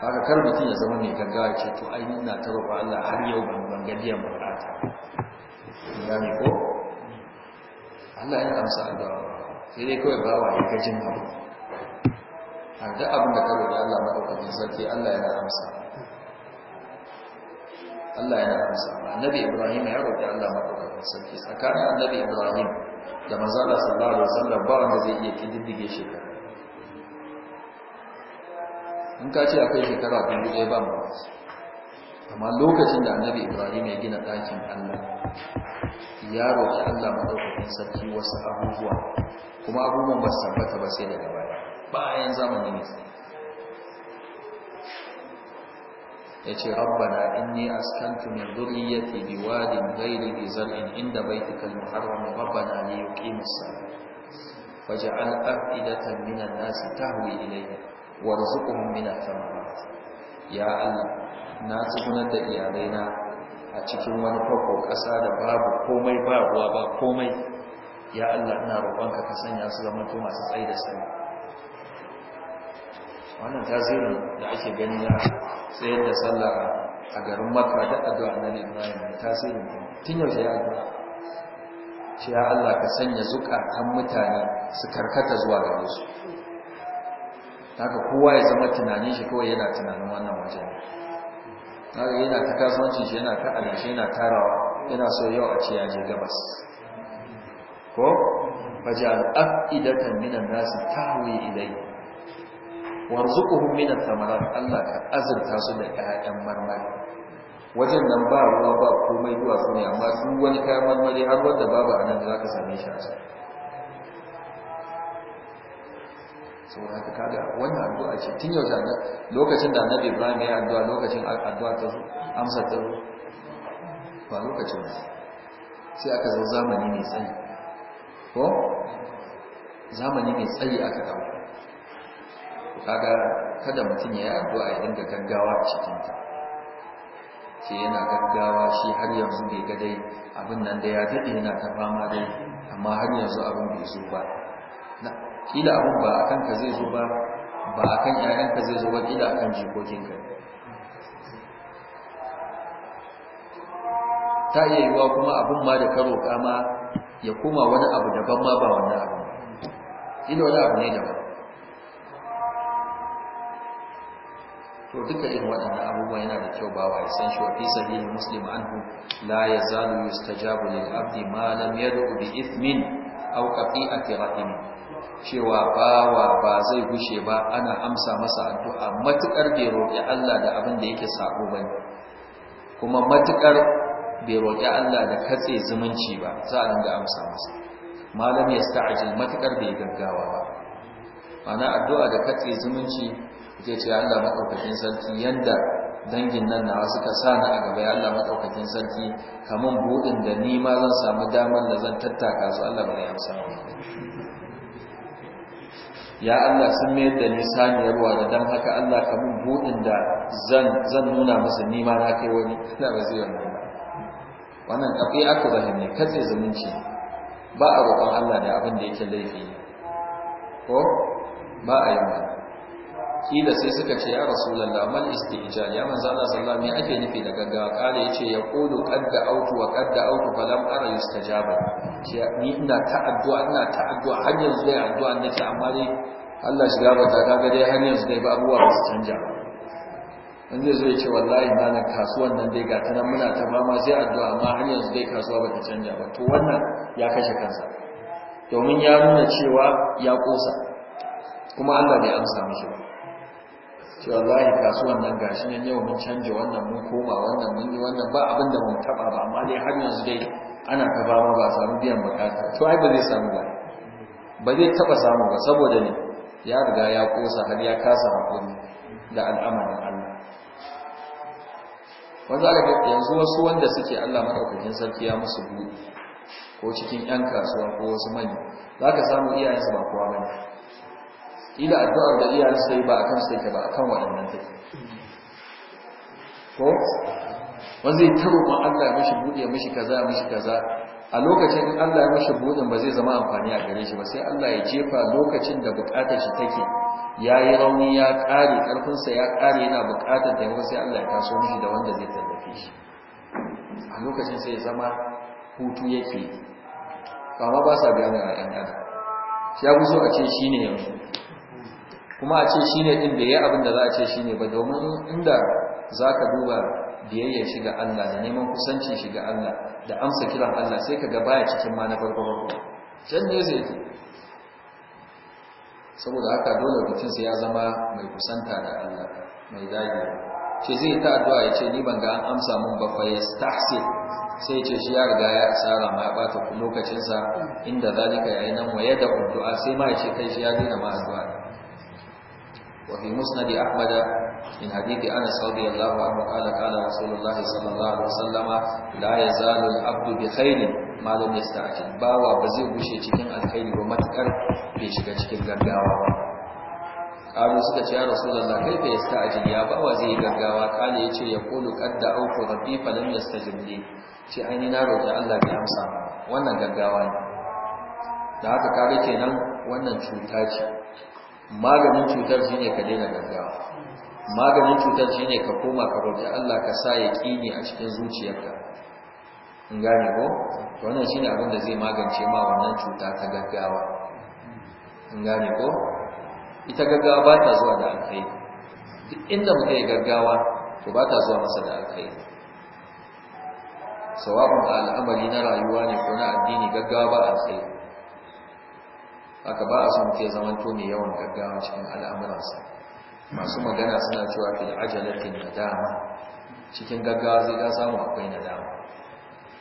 haka kar mutum ya zama mai gaggawa ce to ai na ta roƙo Allah har yau ban ban gajiya ba ta ya ne ko Allah ya amsa addu'a sai dai kawai bawa ya gajin abu a duk abin da ka roƙi Allah madaukakin sarki Allah yana amsa Allah yana amsa annabi Ibrahim ya roƙi Allah madaukakin sarki tsakanin annabi Ibrahim da manzon Allah sallallahu alaihi wasallam ba wanda zai iya kididdige shekara in ka ce akwai shekara dubu ɗaya ba ba. amma lokacin da annabi ibrahim ya gina ɗakin allah ya roƙi allah maɗaukakin sarki wasu abubuwa kuma abubuwan ba su tabbata ba sai daga baya bayan zamanin ne ya ce rabbana inni askantu min dhurriyyati biwadin ghayri dhi zar'in inda baytikal muharram rabbana li yuqimus salah waj'al af'idatan minan nasi tahwi ilayha warzuqhum min ath-thamarat ya Allah na tsugunar da iyalaina a cikin wani farko ƙasa da babu komai ba ruwa ba komai ya Allah ina roƙonka ka sanya su zama to masu tsayi da sani wannan tasirin da ake gani na tsayar da sallah a garin makka da addu'a na Ibrahim tasirin tun yaushe ya addu'a ya Allah ka sanya zukatan mutane su karkata zuwa gare su haka kowa ya zama tunanin shi kawai yana tunanin wannan wajen haka yana ta kasuwancin shi yana ta adashi yana tarawa yana so yau a ce ya je gabas ko fajal idatan minan nas tahwi ilai kuhun minan thamarat Allah ka azurta su da ƴaƴan marmari wajen nan ba ruwa ba komai zuwa ne, amma sun wani kayan marmari har wanda babu anan zaka same shi a can saboda haka kaga wannan addu'a ce tun yau da lokacin da annabi ibrahim ya addu'a lokacin addu'a ta amsa ta zo ba lokacin ba sai aka zo zamani mai tsayi ko zamani mai tsayi aka dawo kaga kada mutum ya yi addu'a ya dinga gaggawa a cikinta sai yana gaggawa shi har yanzu bai ga dai abin nan da ya daɗe yana ta fama dai amma har yanzu abin bai zo ba kila abun ba a kanka zai zo ba ba a kan 'ya'yanka zai zo ba kila a kan jikokinka ta iya yiwuwa kuma abin ma da ka roƙa ma ya koma wani abu daban ma ba wannan abu kila wani abu ne daban to duka irin waɗannan abubuwa yana da kyau bawa ya san shi wa fi sabilil muslim anhu la yazalu yustajabu lil abdi ma lam yad'u bi ithmin aw qati'ati rahimi cewa bawa ba zai gushe ba ana amsa masa addu'a matukar bai roƙi Allah da abin da yake sako ba kuma matukar bai roƙi Allah da katse zumunci ba za a dinga amsa masa malam yasta'jil matukar bai gaggawa ba ana addu'a da katse zumunci yake ce Allah madaukakin sarki yanda dangin nan na suka sa na a gaba ya Allah madaukakin sarki kaman budin da ni ma zan samu damar da zan tattaka su Allah bai ya amsa ba ya Allah sun mayar da ni saniyar wada don haka Allah ka mun buɗin da zan nuna masa nima na kai wani na ba zai wannan ba wannan ƙafi aka zahin ne katse zumunci ba a roƙon Allah da abin da yake laifi ko ba a yi ba kila sai suka ce ya rasulullah man istijal ya manzo Allah sallallahu alaihi ake nufi da gaggawa kale yace ya qulu qad autu wa qad da'awtu falam ara yustajaba Shi ni ina ta addu'a ina ta addu'a har yanzu dai addu'a nake amma dai Allah shiga ba ta kaga dai har yanzu dai ba abuwa ba su canja ba in zai zo ya ce wallahi na kasuwan nan dai ga ta nan muna ta ma sai addu'a amma har yanzu dai kasuwa ba ta canja ba to wannan ya kashe kansa domin ya nuna cewa ya kosa kuma Allah bai amsa mishi ba ce wallahi kasuwan nan gashi nan yau mun canje wannan mun koma wannan mun yi wannan ba abin da mun taba ba amma dai har yanzu dai ana ta ba ba samu biyan bukata to ai ba zai samu ba ba zai taba samu ba saboda ne ya riga ya kosa har ya kasa hakuri da al'amarin Allah wanda aka yanzu wasu wanda suke Allah madaukakin sarki ya musu buɗe ko cikin 'yan kasuwa ko wasu mani za ka samu iyayensu ba kowa bane ila addu'ar da iyayen sai ba akan sai ka ba akan waɗannan take ko wanda zai taro ma Allah ya mishi bude mishi kaza ya mishi kaza a lokacin in Allah ya mishi budin ba zai zama amfani a gare shi ba sai Allah ya jefa lokacin da bukatar shi take yayi rauni ya kare karfin sa ya kare yana bukatar da yawa sai Allah ya kaso mishi da wanda zai tallafe shi a lokacin sai ya zama hutu yake amma ba sa gane a yan adam shi ya so a ce shine yanzu kuma a ce shine din da yayi abin da za a ce shine ba domin inda zaka duba biyayya shi ga Allah da neman kusanci shi ga Allah da amsa kiran Allah sai kaga baya cikin ma na farko farko can ne zai yi saboda haka dole mutum sai ya zama mai kusanta da Allah mai dage ce zai ta addu'a ya ce ni ban ga an amsa mun ba fa yastahsil sai ce shi ya riga ya tsara ma ya bata lokacinsa inda zalika yayin nan wa yada addu'a sai ma ya ce kai shi ya dina ma addu'a وفي مسند أحمد من حديث أنس رضي الله عنه قال قال رسول الله صلى الله عليه وسلم لا يزال العبد بخير ما لم يستعجل باوا بزي غشي cikin alkhairi ba matakar bai shiga cikin gaggawa ba kalu suka ce ya rasulullah kai bai yasta'jil ya bawa zai gaggawa kale yace ya qulu qadda au rabbi fa lam yastajib li ce ai na roki Allah bai amsa wannan gaggawa ne da haka kaga kenan wannan cuta ce maganin cutar shine ka daina gaggawa maganin cutar shine ka koma ka roƙi Allah ka sa ya kini a cikin zuciyarka in gane ko wannan ne abin da zai magance ma wannan cuta ta gaggawa in gane ko ita gaggawa ba ta zuwa da alkai duk inda muka yi gaggawa to ba ta zuwa masa da alkai sawa'un al'amari na rayuwa ne ko na addini gaggawa ba alkai haka ba a samun ke zaman tuni yawan gaggawa cikin al'amuransa masu magana suna cewa fi ajalatin dama cikin gaggawa zai ga samu akwai nadama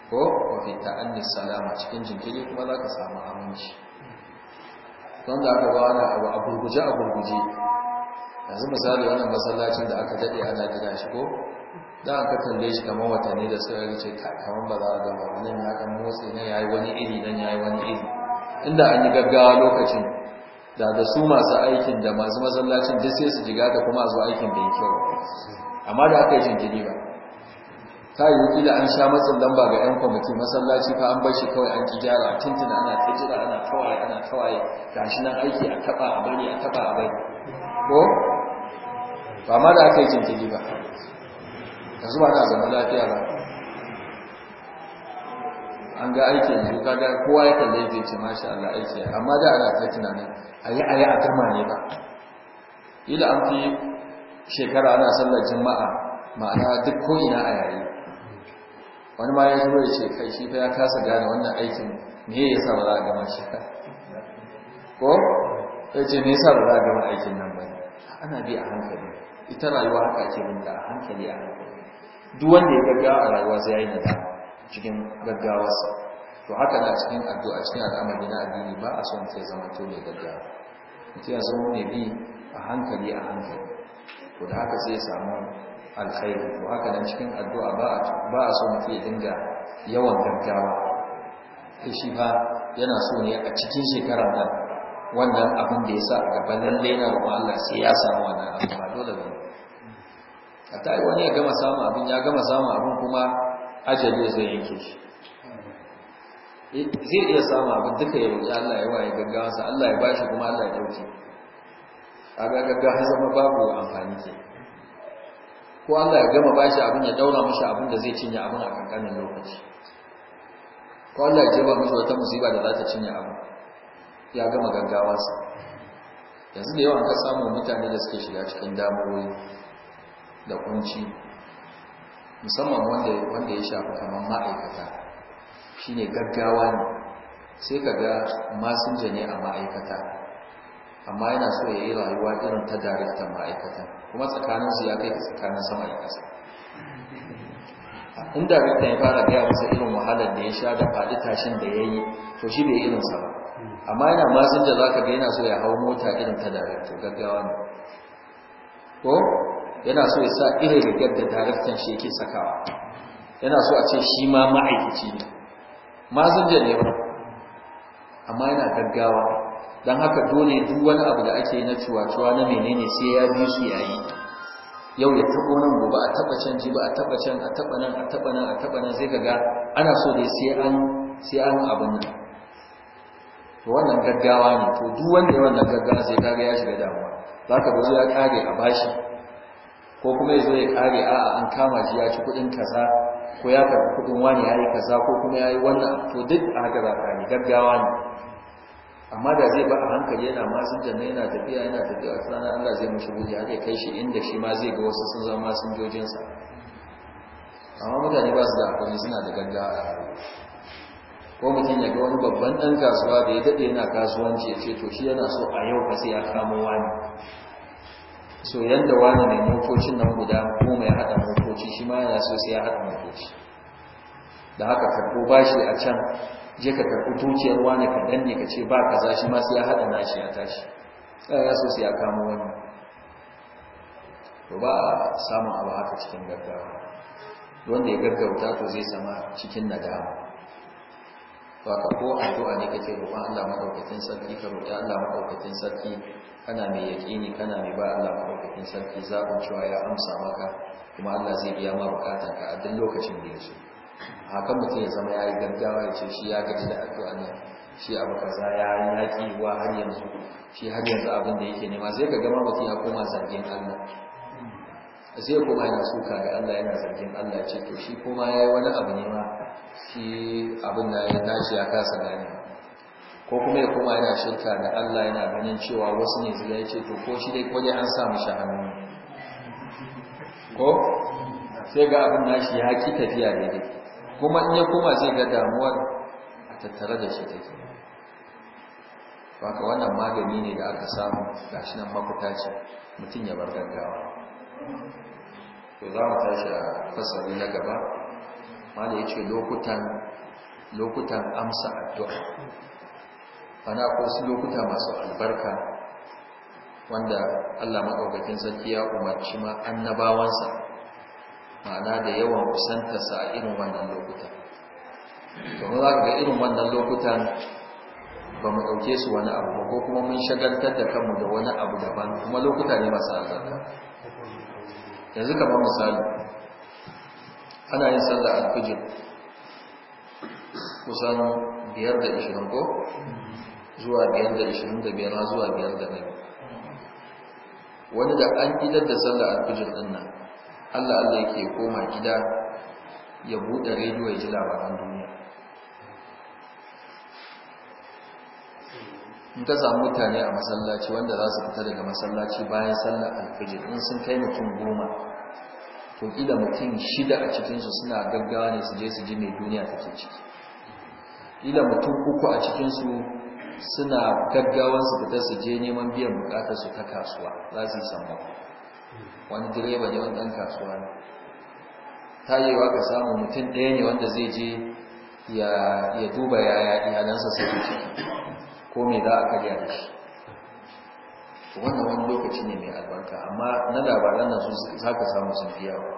ko wafi fi ta'anni salama cikin jinkiri kuma za ka samu aminci don da aka ba wani abu a gurguje a gurguje yanzu misali wannan masallacin da aka daɗe ana gida shi ko a aka da shi kamar watanni da suka ce kamar ba za a gama wani ya kan motsi na yayi wani iri don yayi wani iri inda an yi gaggawa lokacin da da su masu aikin da masu masallacin duk sai su jiga da kuma zuwa aikin da kyau amma da aka yi jinkiri ba ta yi da an sha matsin lamba ga 'yan kwamiti masallaci fa an bashi kawai an jara tuntuna ana tijira ana kawai ana tawaye shi nan aiki a taba a bari a taba a bari ko ba ma da aka yi jinkiri ba ka zuwa na zama lafiya ba an ga aiki yanzu kaga kowa ya kalle zai ce masha Allah aiki amma da ana ta tunanin ayi ayi a kama ne ba ila an fi shekara ana sallar juma'a ma'ana duk ko ina a yayi wani ma ya zo ya ce kai shi fa ya kasa gane wannan aikin me yasa ba za a gama shi ko sai ce me yasa ba za a gama aikin nan ba ana bi a hankali ita rayuwa haka ke binta a hankali a hankali duk wanda ya gaggawa a rayuwa sai ya yi nadama cikin gaggawarsa to haka na cikin addu'a cikin al'amari na addini ba a son sai zama to mai gaggawa mutum ya zama ne bi a hankali a hankali to da haka sai ya samu alkhairi to haka nan cikin addu'a ba a son mutum ya dinga yawan gaggawa kai shi fa yana so ne a cikin shekarar nan wannan abin da ya sa a gaban lalle na roƙon Allah sai ya samu wannan abu ba dole ba a ta yi wani ya gama samun abin ya gama samun abin kuma ajali zai yanke shi zai iya samu abin duka ya roƙi Allah ya waye sa Allah ya bashi kuma Allah ya dauke a gaggawa gaggawa zama babu amfani ke ko Allah ya gama bashi abin ya daura masa abin da zai cinye abin a kankanin lokaci ko Allah ya jeba masa wata musiba da za ta cinye abin ya gama sa yanzu da yawan ka samu mutane da suke shiga cikin damuwoyi da kunci musamman wanda ya shafi kamar ma'aikata shine gaggawa ne sai kaga masinja ne a ma'aikata amma yana so ya yi rayuwa irin ta daraktan ma'aikata kuma tsakaninsu ya kai tsakanin sama da ƙasa in daraktan ya fara gaya masa irin wahalar da ya sha da faɗi tashin da ya yi to shi bai irin ba amma yana masinja za ka ga yana so ya hau mota irin ta daraktan gaggawa ne ko yana so ya sa irin rigar da daraktan shi yake sakawa yana so a ce shi ma ma'aikaci ne mazinja ne ba amma yana gaggawa don haka dole duk wani abu da ake na cuwa-cuwa na menene sai ya bi shi yayi yau ya taɓo nan gobe a taɓa can ba a taɓa can a taɓa nan a taɓa nan a taɓa nan zai gaga ana so da sai an sai an abin nan to wannan gaggawa ne to duk wanda ya wannan gaggawa sai kaga ya shiga damuwa ka ba ya kare a bashi ko kuma ya zo ya kare a an kama shi ya ci kudin kaza ko ya karbi kudin wani ya yi kaza ko kuma ya yi wannan to duk a haka za ka yi gaggawa ne amma da zai ba a hankali yana masu janna yana tafiya yana tafiya a tsanan allah zai mashi guji har kai shi inda shi ma zai ga wasu sun zama jojinsa amma mutane ba su da akwai suna da gaggawa a haru ko mutum ya ga wani babban ɗan kasuwa da ya daɗe yana kasuwanci ya ce to shi yana so a yau ka sai ya kamo wani so yadda wani mai motocin nan guda ko ya haɗa motoci shi ma yana so sai ya haɗa motoci da haka karɓo bashi a can je ka karɓi tociyar wani ka danne ka ce ba kaza shi ma sai ya haɗa nashi ya tashi ya so sai ya kamo wani ba a samun abu haka cikin gaggawa wanda ya gaggauta to zai sama cikin nadama ba ka ko addu'a ne kake roƙon Allah madaukakin sarki ka roƙi Allah madaukakin sarki kana mai yaƙini kana mai ba Allah maɗaukakin sarki zaɓin cewa ya amsa maka kuma Allah zai biya ma buƙatar ka a duk lokacin da ya A hakan mutum ya zama ya yi gaggawa ya ce shi ya gaji da addu'a nan shi abu kaza ya yi yaƙi wa har yanzu shi har yanzu abin da yake nema zai ga gama mutum ya koma zargin Allah zai koma yana suka ga Allah yana zargin Allah ce to shi kuma ya yi wani abu ne ma shi abin da ya tashi ya kasa gane ko kuma ya kuma yana shirka da Allah yana ganin cewa wasu ne zai ce to ko shi dai ko dai an sa mishi hannu ko sai ga abin nashi ya ki tafiya daidai kuma in ya kuma zai ga damuwar a tattare da shi take baka wannan magani ne da aka samu gashi nan mafita ce mutum ya bar gaggawa to za mu tashi a fasari na gaba ma da ya ce lokutan amsa addu'a ana ko su lokuta masu albarka wanda Allah maɗaukakin sarki ya umarci ma annabawansa ma'ana da yawan kusantarsa a irin wannan lokutan domin za ga irin wannan lokutan ba mu ɗauke su wani abu ba ko kuma mun shagaltar da kanmu da wani abu daban kuma lokuta ne masu albarka yanzu kamar misali ana yin sallar alfijir kusan biyar da ishirin ko zuwa biyar da ishirin da biyar zuwa biyar da rabi wani da an gidan da sallar alfijir din nan allah allah yake koma gida ya buɗe rediyo ya ji labaran duniya in ka samu mutane a masallaci wanda za su fita daga masallaci bayan sallar alfijir in sun kai mutum goma to kila mutum shida a cikinsu suna gaggawa ne su je su ji mai duniya take ciki kila mutum uku a cikinsu suna gaggawan su fita su je neman biyan bukatar su ta kasuwa za su yi samu wani direba ne wani ɗan kasuwa ne Ta wa ka samu mutum ɗaya ne wanda zai je ya duba yaya iyalansa suke ciki ko me za a karya da shi wannan wani lokaci ne mai albarka amma na labaran nan za ka samu sun fi yawa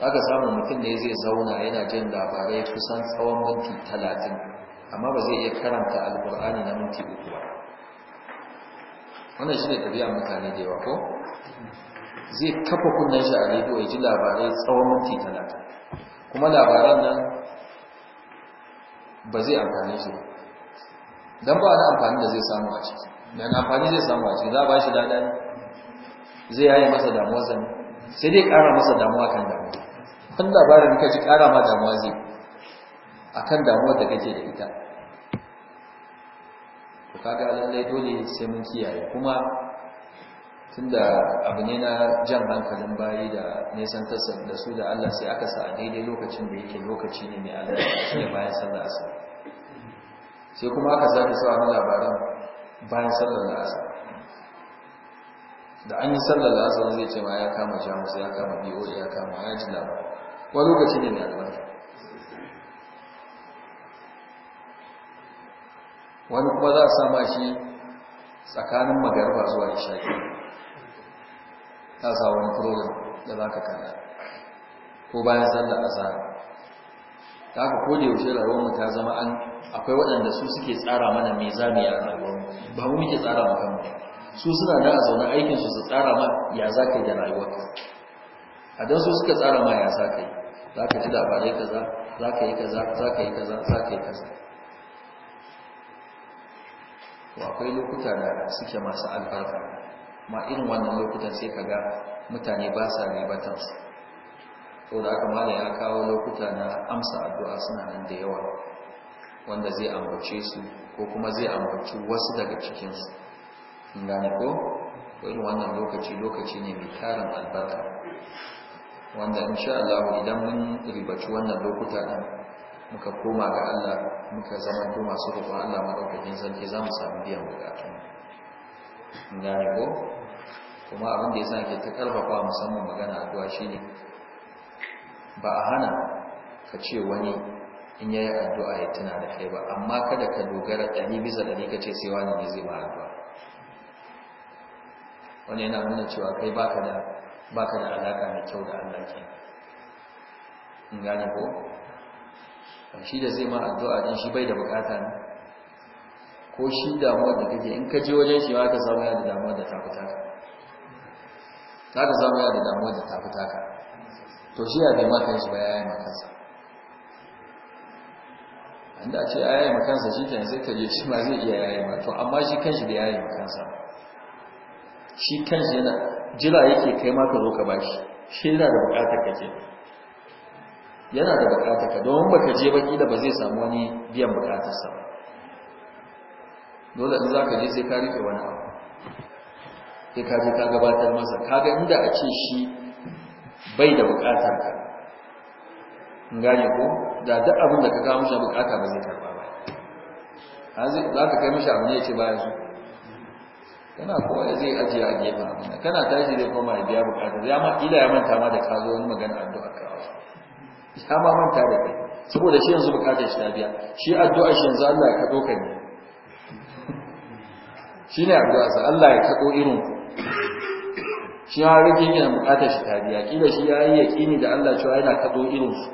za ka samu mutum ne zai zauna yana jin labarai kusan tsawon minti talatin amma ba zai iya karanta alkur'ani na minti uku ba wannan shi ne tafiya mutane da yawa ko zai kafa kunnen shi a rediyo ya ji labarai tsawon minti talata kuma labaran nan ba zai amfani shi ba don ba wani amfani da zai samu a ciki da na amfani zai samu a ciki za a ba shi daɗa zai yaye masa damuwa sani sai dai ƙara masa damuwa kan damuwa wani labarin ka ji ƙara ma damuwa zai akan damuwar da kake da ita to kaga lallai dole sai mun kiyaye kuma tunda abu ne na jan hankalin bayi da nisan tasar da su da Allah sai aka sa a daidai lokacin da yake lokaci ne mai Allah shi ne bayan sallar asar sai kuma aka sake sa wani labaran bayan sallar asar da an yi sallar asar zai ce ma ya kama jamus ya kama biyo ya kama ya ji labarin wani lokaci ne mai albarka wani kuma za a sama shi tsakanin magarba zuwa ishaki ta sa wani program da za ka kalla ko bayan sallar azhar ta haka ko da yaushe rayuwarmu ta zama an akwai waɗanda su suke tsara mana me za mu yi a rayuwarmu ba mu muke tsara mu su suna da a zaune aikin su su tsara ma ya za ka yi da rayuwarka a don su suka tsara ma ya za ka yi za ka ci labarai kaza za ka yi kaza za ka yi kaza za ka yi kaza to akwai lokuta da suke masu albarka ma irin wannan lokutan sai kaga mutane ba sa ribatan su to da aka mala ya kawo lokuta na amsa addu'a suna nan da yawa wanda zai ambace su ko kuma zai ambaci wasu daga cikin su ko irin wannan lokaci lokaci ne mai tarin albarka wanda insha Allah idan mun ribaci wannan lokuta din muka koma ga Allah muka zama to masu roƙon Allah madaukakin sarki za mu samu biyan bukatu gane ko kuma abin da ya ke ta karfafa musamman magana addu'a shine ba a hana ka ce wani in yayi addu'a ya tuna da kai ba amma kada ka dogara ɗari bisa ɗari ka ce sai wani ne zai ma addu'a wani yana nuna cewa kai baka da baka da alaka mai kyau da Allah ke in gane ko shi da zai ma addu'a dan shi bai da bukata ne ko shi damuwa da kake in ka je wajen shi ma ka samu ya da damuwa da tafi taka Ka ka samu ya da damuwa da tafi taka to shi ya bai ma kansa ba ya yi makansa inda ce ya yi makansa shi kenan sai ka je shi ma zai iya ya yi ma to amma shi kanshi da ya ma makansa shi shi yana jira yake kai ma ka zo ka bashi shi yana da bukatar kake yana da bukata ka domin ka je ba kila ba zai samu wani biyan bukatarsa ba dole in za ka je sai ka rike wani abu sai ka je ka gabatar masa ka ga inda a ce shi bai da bukatar ka in gane ko da duk abin da ka kawo mishi bukata ba zai karba ba za ka kai mishi abu ne ya ce baya su kana kowa ya zai ajiye a gefen abin kana tashi zai koma ya biya bukata ya ma kila ya manta ma da ka zo wani magana addu'a ka ya ma manta da kai saboda shi yanzu bukatar shi ta biya shi addu'a shi yanzu Allah ya kado ka ne shi ne addu'a sa Allah ya kado irin ku shi ya rage yana bukatar shi ta biya kila shi ya yi yaqini da Allah cewa yana kado irin su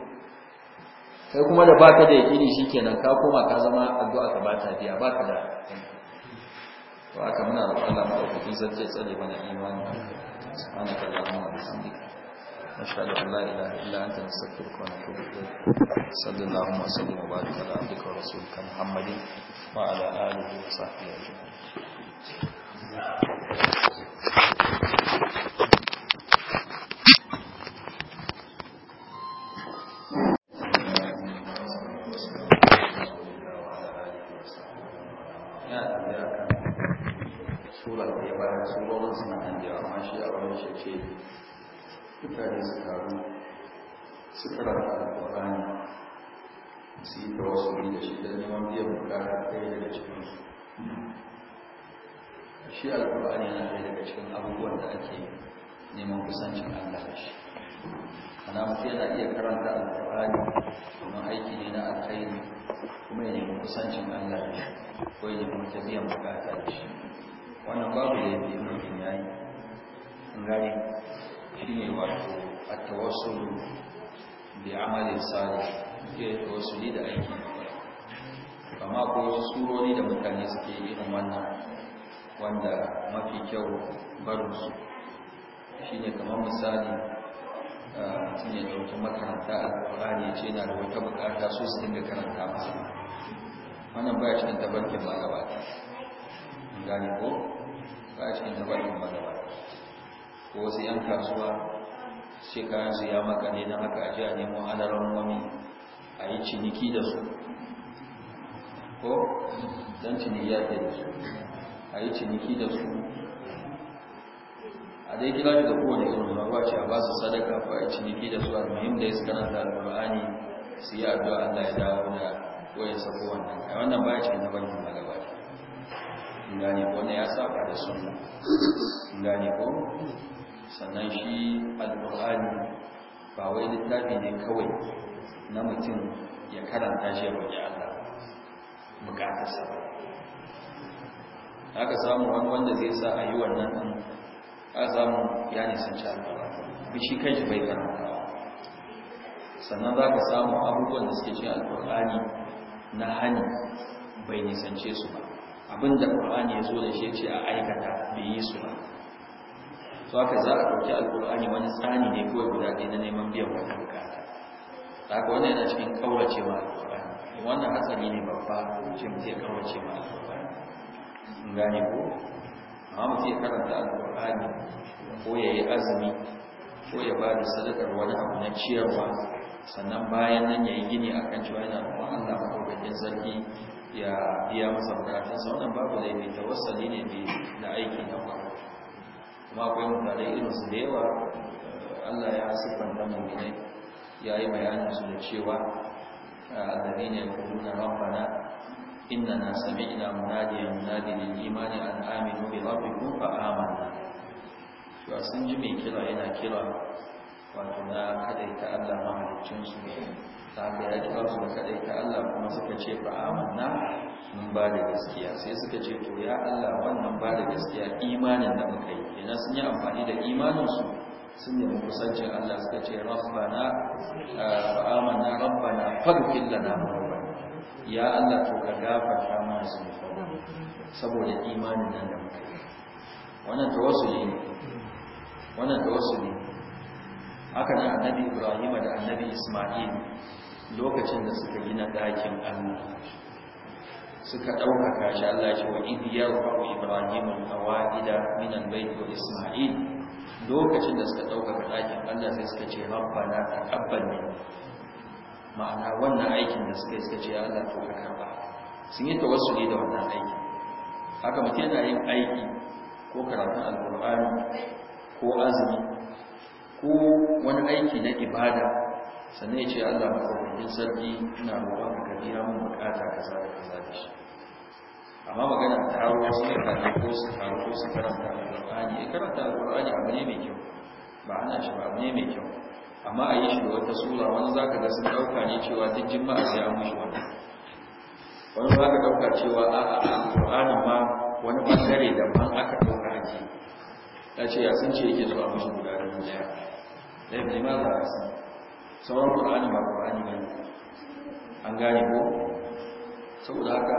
kai kuma da baka da yaqini shikenan ka koma ka zama addu'a ka ba ta biya baka da to aka muna da Allah ma sai sarki ya tsare mana imani subhanaka allahumma wa bihamdika نشهد أن لا إله إلا أنت نستغفرك ونتوب إليك صلى اللهم وسلم وبارك على عبدك ورسولك محمد وعلى آله وصحبه أجمعين ta biyan bukata da shi wannan babu da yadda mutum ya yi in gane shi ne wato a tawassulu da amalin salih ke tawasuli da aiki amma ko wasu surori da mutane suke irin wannan wanda mafi kyau barin su shi ne kamar misali ah, mutum ya ɗauki makaranta alƙur'ani ya ce na da wata bukata so su dinga karanta masa wannan baya cikin tabarkin magabata gani ko baya cikin tabarkin magabata ko wasu yan kasuwa ce su ya ne na haka ajiya a ana alaran wani a yi ciniki da su ko don ciniki ya ke da su a yi ciniki da su a dai kira da kowane irin ruwa ce a ba su sadaka ko a yi ciniki da su almuhim da ya suka ranta al'urani su yi addu'a Allah ya dawo da ko ya sako wannan ai wannan baya cikin na bankin na gaba gane ko wannan ya saba da sunna gane ko sannan shi alqur'ani ba wai littafi ne kawai na mutum ya karanta shi ya roƙi Allah bukatarsa ba aka samu wani wanda zai sa a yi wannan ɗin a samu ya nisanci Allah ba shi kanshi bai karanta sannan za ka samu abubuwan da suke cin alƙur'ani na hani bai nisance su ba abinda qur'ani ya zo da shi ce a aikata bai yi su ba to haka za a ɗauki alqur'ani wani tsani ne kawai guda ɗaya na neman biyan wata bukata haka wannan yana cikin kaurace ma alqur'ani wannan hatsari ne babba ce mutum ya kaurace ma alqur'ani in gane ko amma mutum ya karanta alqur'ani ko ya yi azumi ko ya ba da sadakar wani abu na ciyarwa sannan bayan nan yayi gini akan cewa yana kuma Allah madaukakin sarki ya biya masa bukatunsa wannan babu da yake tawassali ne mai na aiki na kwaro kuma akwai mutane irin su da yawa eh, Allah ya siffanta mu'minai ya yi bayanin su da cewa eh, alladhina yaquluna rabbana na sami'na munadiyan munadi lil imani an aminu bi rabbikum fa amanna to sun ji mai kira yana kira wato na ta Allah mahalicinsu ta haka ya kira su da kadai ta Allah kuma suka ce ba amanna mun ba da gaskiya sai suka ce to ya Allah wannan ba da gaskiya imanin da muka yi ina sun yi amfani da imaninsu sun yi kusancin Allah suka ce rabbana eh, fa amanna rabbana faghfir lana ya Allah to ka gafarta mana zunubanmu saboda imanin nan da muka yi wannan tawassuli ne wannan tawassuli ne haka na annabi ibrahim da annabi isma'il lokacin da suka gina ɗakin allah suka ɗaukaka shi allah shi wa idi ya rufu ibrahim al-awa'ida min al-bayt wa isma'il lokacin da suka ɗaukaka ɗakin allah sai suka ce rabbana taqabbal minna ma'ana wannan aikin da suka yi suka ce allah to ka karba sun yi tawassuli da wannan aiki. haka mutum yana yin aiki ko karatun Al-Qur'ani ko azumi ko wani aiki na ibada sannan ya ce Allah matsaukakin sarki ina roƙon ka ya mun bukata ka da ka da shi amma magana ta haro wasu ne ne ko su haro ko su karanta alƙur'ani ya eh, karanta alƙur'ani abu ne mai kyau ba ana shi ba abu ne mai kyau amma a yi shi da wata sura wani za ka ga sun ɗauka ne cewa duk a sai an mushi wani wani za ka ɗauka cewa a alƙur'anin ma wani ɓangare daban aka ɗauka ake ta ce ya sun ce yake zuwa mushi guda da daya da eh, ma za a san sauran qur'ani ba qur'ani ba an gane ko saboda haka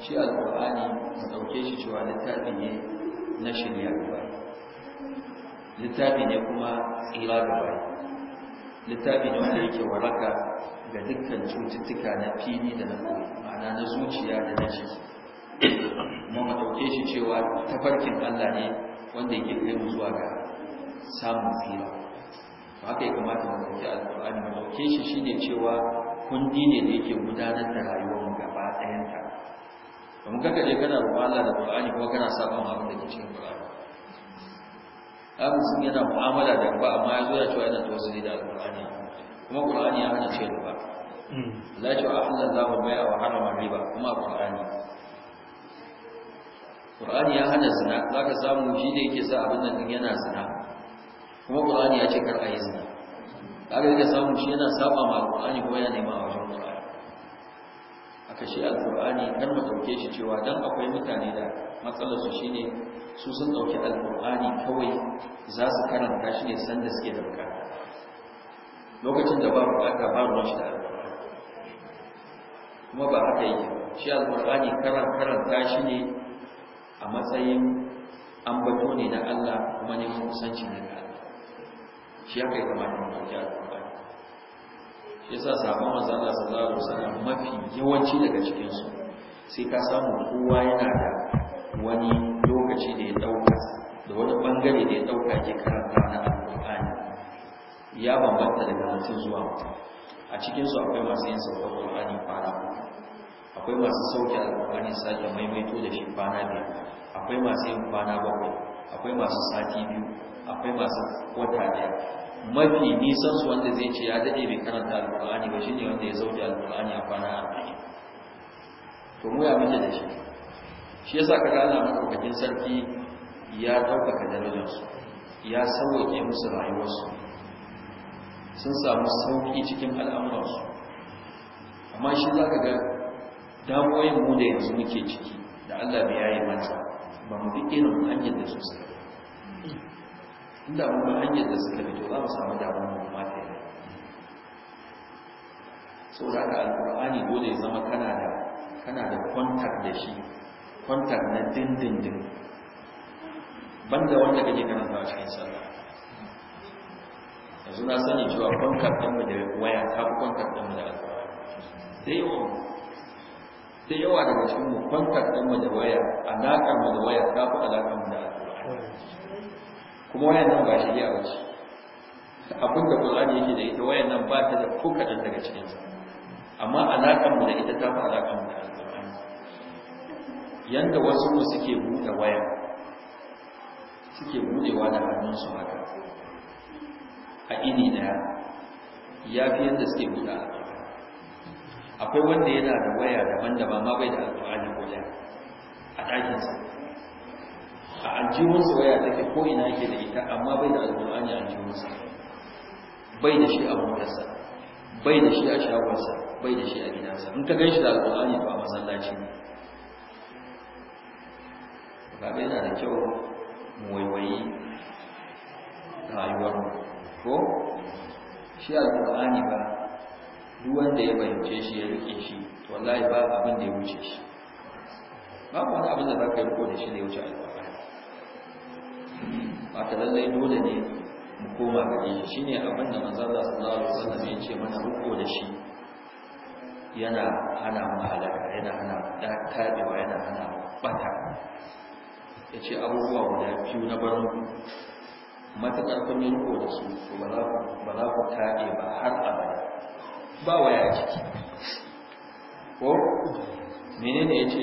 shi alqur'ani a ɗauke shi cewa littafi ne na shirya gaba littafi ne kuma tsira gaba littafi ne wanda yake waraka ga dukkan cututtuka na fili da na koyi ma'ana na zuciya da na ciki kuma mu ɗauke shi cewa tafarkin Allah ne wanda yake kai mu zuwa ga samun tsira haka ya kamata mu ɗauki alƙur'ani mu ɗauke shi shine cewa kundi ne da yake gudanar da rayuwar mu gaba ɗayanta don kaka je kana roƙon Allah da Qur'ani kuma kana sabon abin da ke cikin Qur'ani abin sun yana mu'amala da ba amma ya zo ya cewa yana tawassuli da Qur'ani kuma Qur'ani ya hana ce riba la ta ahalla Allahu bai'a wa harama riba kuma Qur'ani Qur'ani ya hana zina zaka samu shi ne yake sa abin nan yana zina kuma qur'ani ya ce kar a yi zina kaga da samun shi yana saba ma qur'ani kuma yana nema a wajen A aka shi alqur'ani kar mu dauke shi cewa don akwai mutane da matsalarsu shi shine su sun al alqur'ani kawai za su karanta shi ne sanda suke da bukata lokacin da ba bukata ba ruwan shi da alqur'ani kuma ba haka yi shi alqur'ani karan karanta shi ne a matsayin ambato ne na Allah kuma neman kusanci ne shi haka ya kamata mu dauki alqur'ani shi yasa sabon manzo Allah sallallahu alaihi wasallam mafi yawanci daga cikin su sai ka samu kowa yana da wani lokaci da ya dauka da wani bangare da ya dauka ke karanta na alqur'ani ya bambanta daga mutum zuwa mutum a cikin su akwai masu yin saukar alqur'ani fara akwai masu sauke alqur'ani sake maimaito da shi kwana biyar akwai masu yin kwana bakwai akwai masu sati biyu akwai masu wata daya mafi nisan su wanda zai ce ya dade bai karanta alqur'ani ba shine wanda ya zauje alqur'ani a kwana arba'in to mu ya muke da shi shi yasa ka ga Allah madaukakin sarki ya ɗaukaka darajar su ya sauke musu rayuwar su sun samu sauki cikin al'amuran su amma shi zaka ga damuwoyin mu da yanzu muke ciki da Allah bai yaye mata ba mu bi irin hanyar da su suka inda wani hanyar da suka fito za mu samu damar mu ma ke so da ka alqur'ani dole ya zama kana da kana da kwantar da shi kwantar na dindindin banda wanda kake karanta a cikin sarra yanzu na sani cewa kwantar ɗin mu da waya ta fi kwantar ɗin mu da alqur'ani sai yawa da yawa daga cikin mu contact mu da waya alaƙar mu da waya ta fi alaƙar mu da alqur'ani kuma wayannan ba shari'a ba ce abin da Qur'ani yake da ita wayannan ba ta da ko kaɗan daga cikin sa amma alaƙar mu da ita ta fi alaƙar mu da alƙur'ani yanda wasu mu suke buɗe waya suke buɗewa da su haka a ini ɗaya ya fi yanda suke buɗe alƙur'ani akwai wanda yana da waya daban-daban ma bai da alƙur'ani ko ɗaya a ɗakinsa a aljihun waya take ko ina yake da ita amma bai da alƙur'ani a aljihunsa bai da shi a motarsa bai da shi a shagonsa bai da shi a gidansa in ka gan shi da alƙur'ani ba masallaci ne kaga yana da kyau mu da rayuwar ko shi alƙur'ani ba duwan da ya bayyance shi ya rike shi wallahi ba abin da ya wuce shi babu wani abin da za ka yi ko da shi ne wuce alƙur'ani ba ta lallai dole ne mu koma gare shi shine abin da manzo Allah sallallahu alaihi wasallam ya ce mana ruko da shi yana hana mu halaka yana hana da tabewa yana hana bata yace abubuwa guda biyu na barin matakar kun yi riko da su to ba za ku ba za ku tabe ba har abada ba waya ciki ko menene yace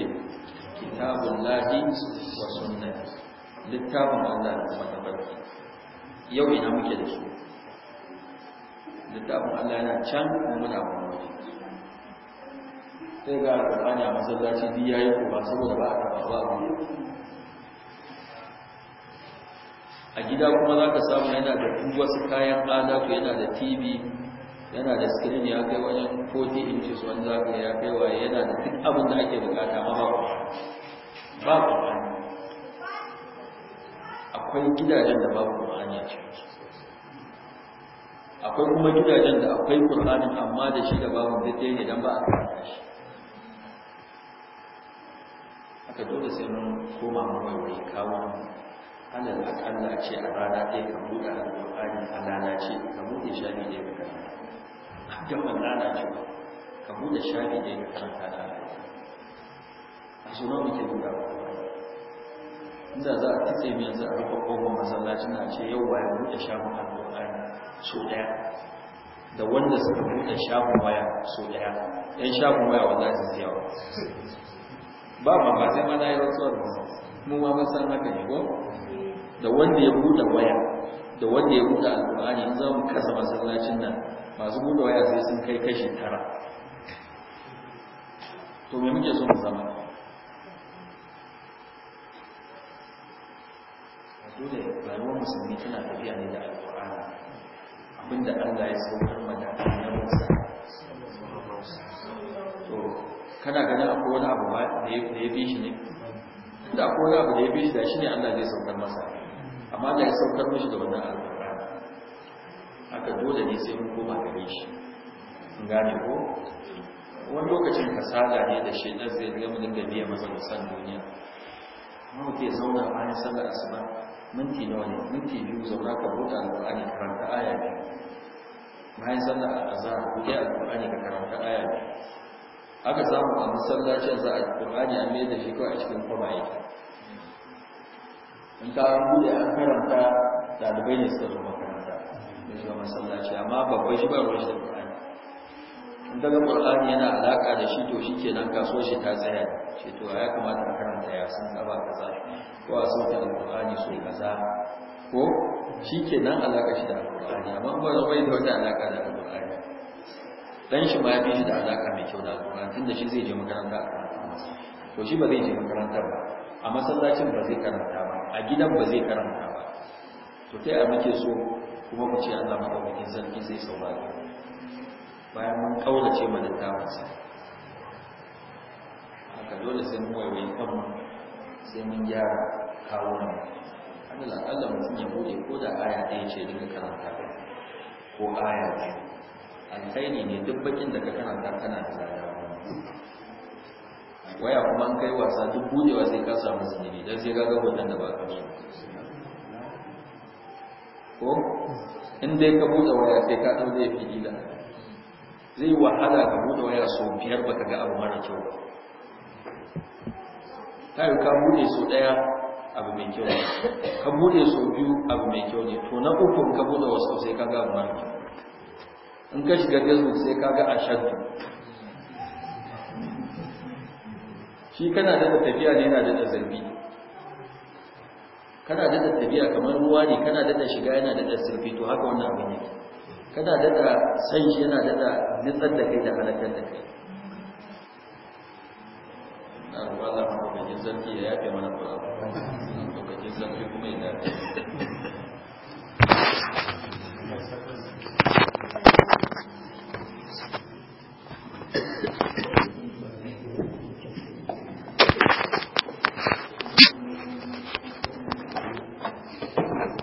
kitabun wa sunnati littafin Allah da kuma tabarki yau ina muke da su littafin Allah yana can muna kuma sai ga alƙur'ani a masallaci duk yayi ba saboda ba a ba ba a gida kuma za ka samu yana da duk wasu kayan adatu yana da tv yana da screen ya kai wajen 40 inches wanda za ka ya kai waye yana da duk abin da ake bukata ma ba ba ba akwai gidajen da babu Qur'ani a cikin su akwai kuma gidajen da akwai Qur'anin amma da shi da babu duk ne don ba a karanta shi aka dole sai mun koma mu wani kawo alal akalla ce a rana ɗaya ka buɗe alƙur'ani a rana ce ka buɗe shafi ɗaya ka karanta don ban lalacewa ka buɗe shafi ɗaya ka karanta da a sunan muke buɗawa inda za a kitse mai yanzu a rufe kogon masallacin a ce yau waya buɗe shafin alƙur'ani so ɗaya da wanda suka buɗe shafin waya so ɗaya yan shafin waya za su siya wa ba ma ba sai mana yi rantsuwar ba mu ma mun san haka ne ko da wanda ya buɗe waya da wanda ya buɗe alƙur'ani in za mu kasa masallacin nan masu buɗe waya sai sun kai kashi tara to me muke so mu zama dole rayuwar musulmi tana tafiya ne da alƙur'ani abinda Allah ya saukar mana na Musa to kana ganin akwai wani abu da ya bishi ne da akwai wani abu da ya bishi da shi ne Allah zai saukar masa amma Allah ya saukar mashi da wannan alƙur'ani haka dole ne sai mun koma gare shi gane ko wani lokacin kasala ne da shaidan zai ga mu dinga biya masa musan duniya mu ke zauna bayan sallar asuba minti nawa ne minti biyu zauna ka buɗe alƙur'ani karanta aya ne bayan sallar azhar buɗe alƙur'ani ka karanta aya ne aka samu a masallacin za a alƙur'ani a mai da shi kawai a cikin kwabaye in ka buɗe an karanta ɗalibai ne suka zo makaranta da zuwa masallaci amma babban shi ba ruwan shi da ƙur'ani in daga ƙur'ani yana alaƙa da shi to shi kenan kasuwar shi ta tsaya ce to ya kamata a karanta ya sun tsaba ka zafi ko a da Qur'ani so kaza ko nan alaka shi da Qur'ani amma ba zama yi da wata alaka da Qur'ani ɗan shi ma fi shi da alaka mai kyau da Qur'ani tunda shi zai je makaranta a to shi ba zai je makaranta ba a masallacin ba zai karanta ba a gidan ba zai karanta ba to yi a muke so kuma ku ce Allah madaukakin sarki zai saurare bayan mun kaulace ma da tawansa haka dole sai mu waiwayi kanmu sai mun gyara kawunan Allah Allah mutum ya bude ko da aya ɗaya ce dinga karanta ko aya ce alkhairi ne duk bakin da ka karanta kana da zada waya kuma an kai wasa duk budewa sai ka samu zunubi don sai gaga ga wannan da ba ka so ko in dai ka da waya sai ka ɗau zai fi da zai wahala ka bude waya so biyar baka ga abu mara kyau ba ta yi ka buɗe sau daya abu mai kyau ne ka bude sau biyu abu mai kyau ne to na uku ka bude wasu sai ka ga mara kyau in ka shiga facebook sai ka ga ashadu shi kana da tafiya ne yana da zarbi kana da tafiya kamar ruwa ne kana da shiga yana da zarbi to haka wannan abin ne kana da san shi yana da nitsar da kai da halakar da kai na roƙon Allah maɗaukakin sarki ya yafe mana kurakurai maɗaukakin sarki kuma ya dace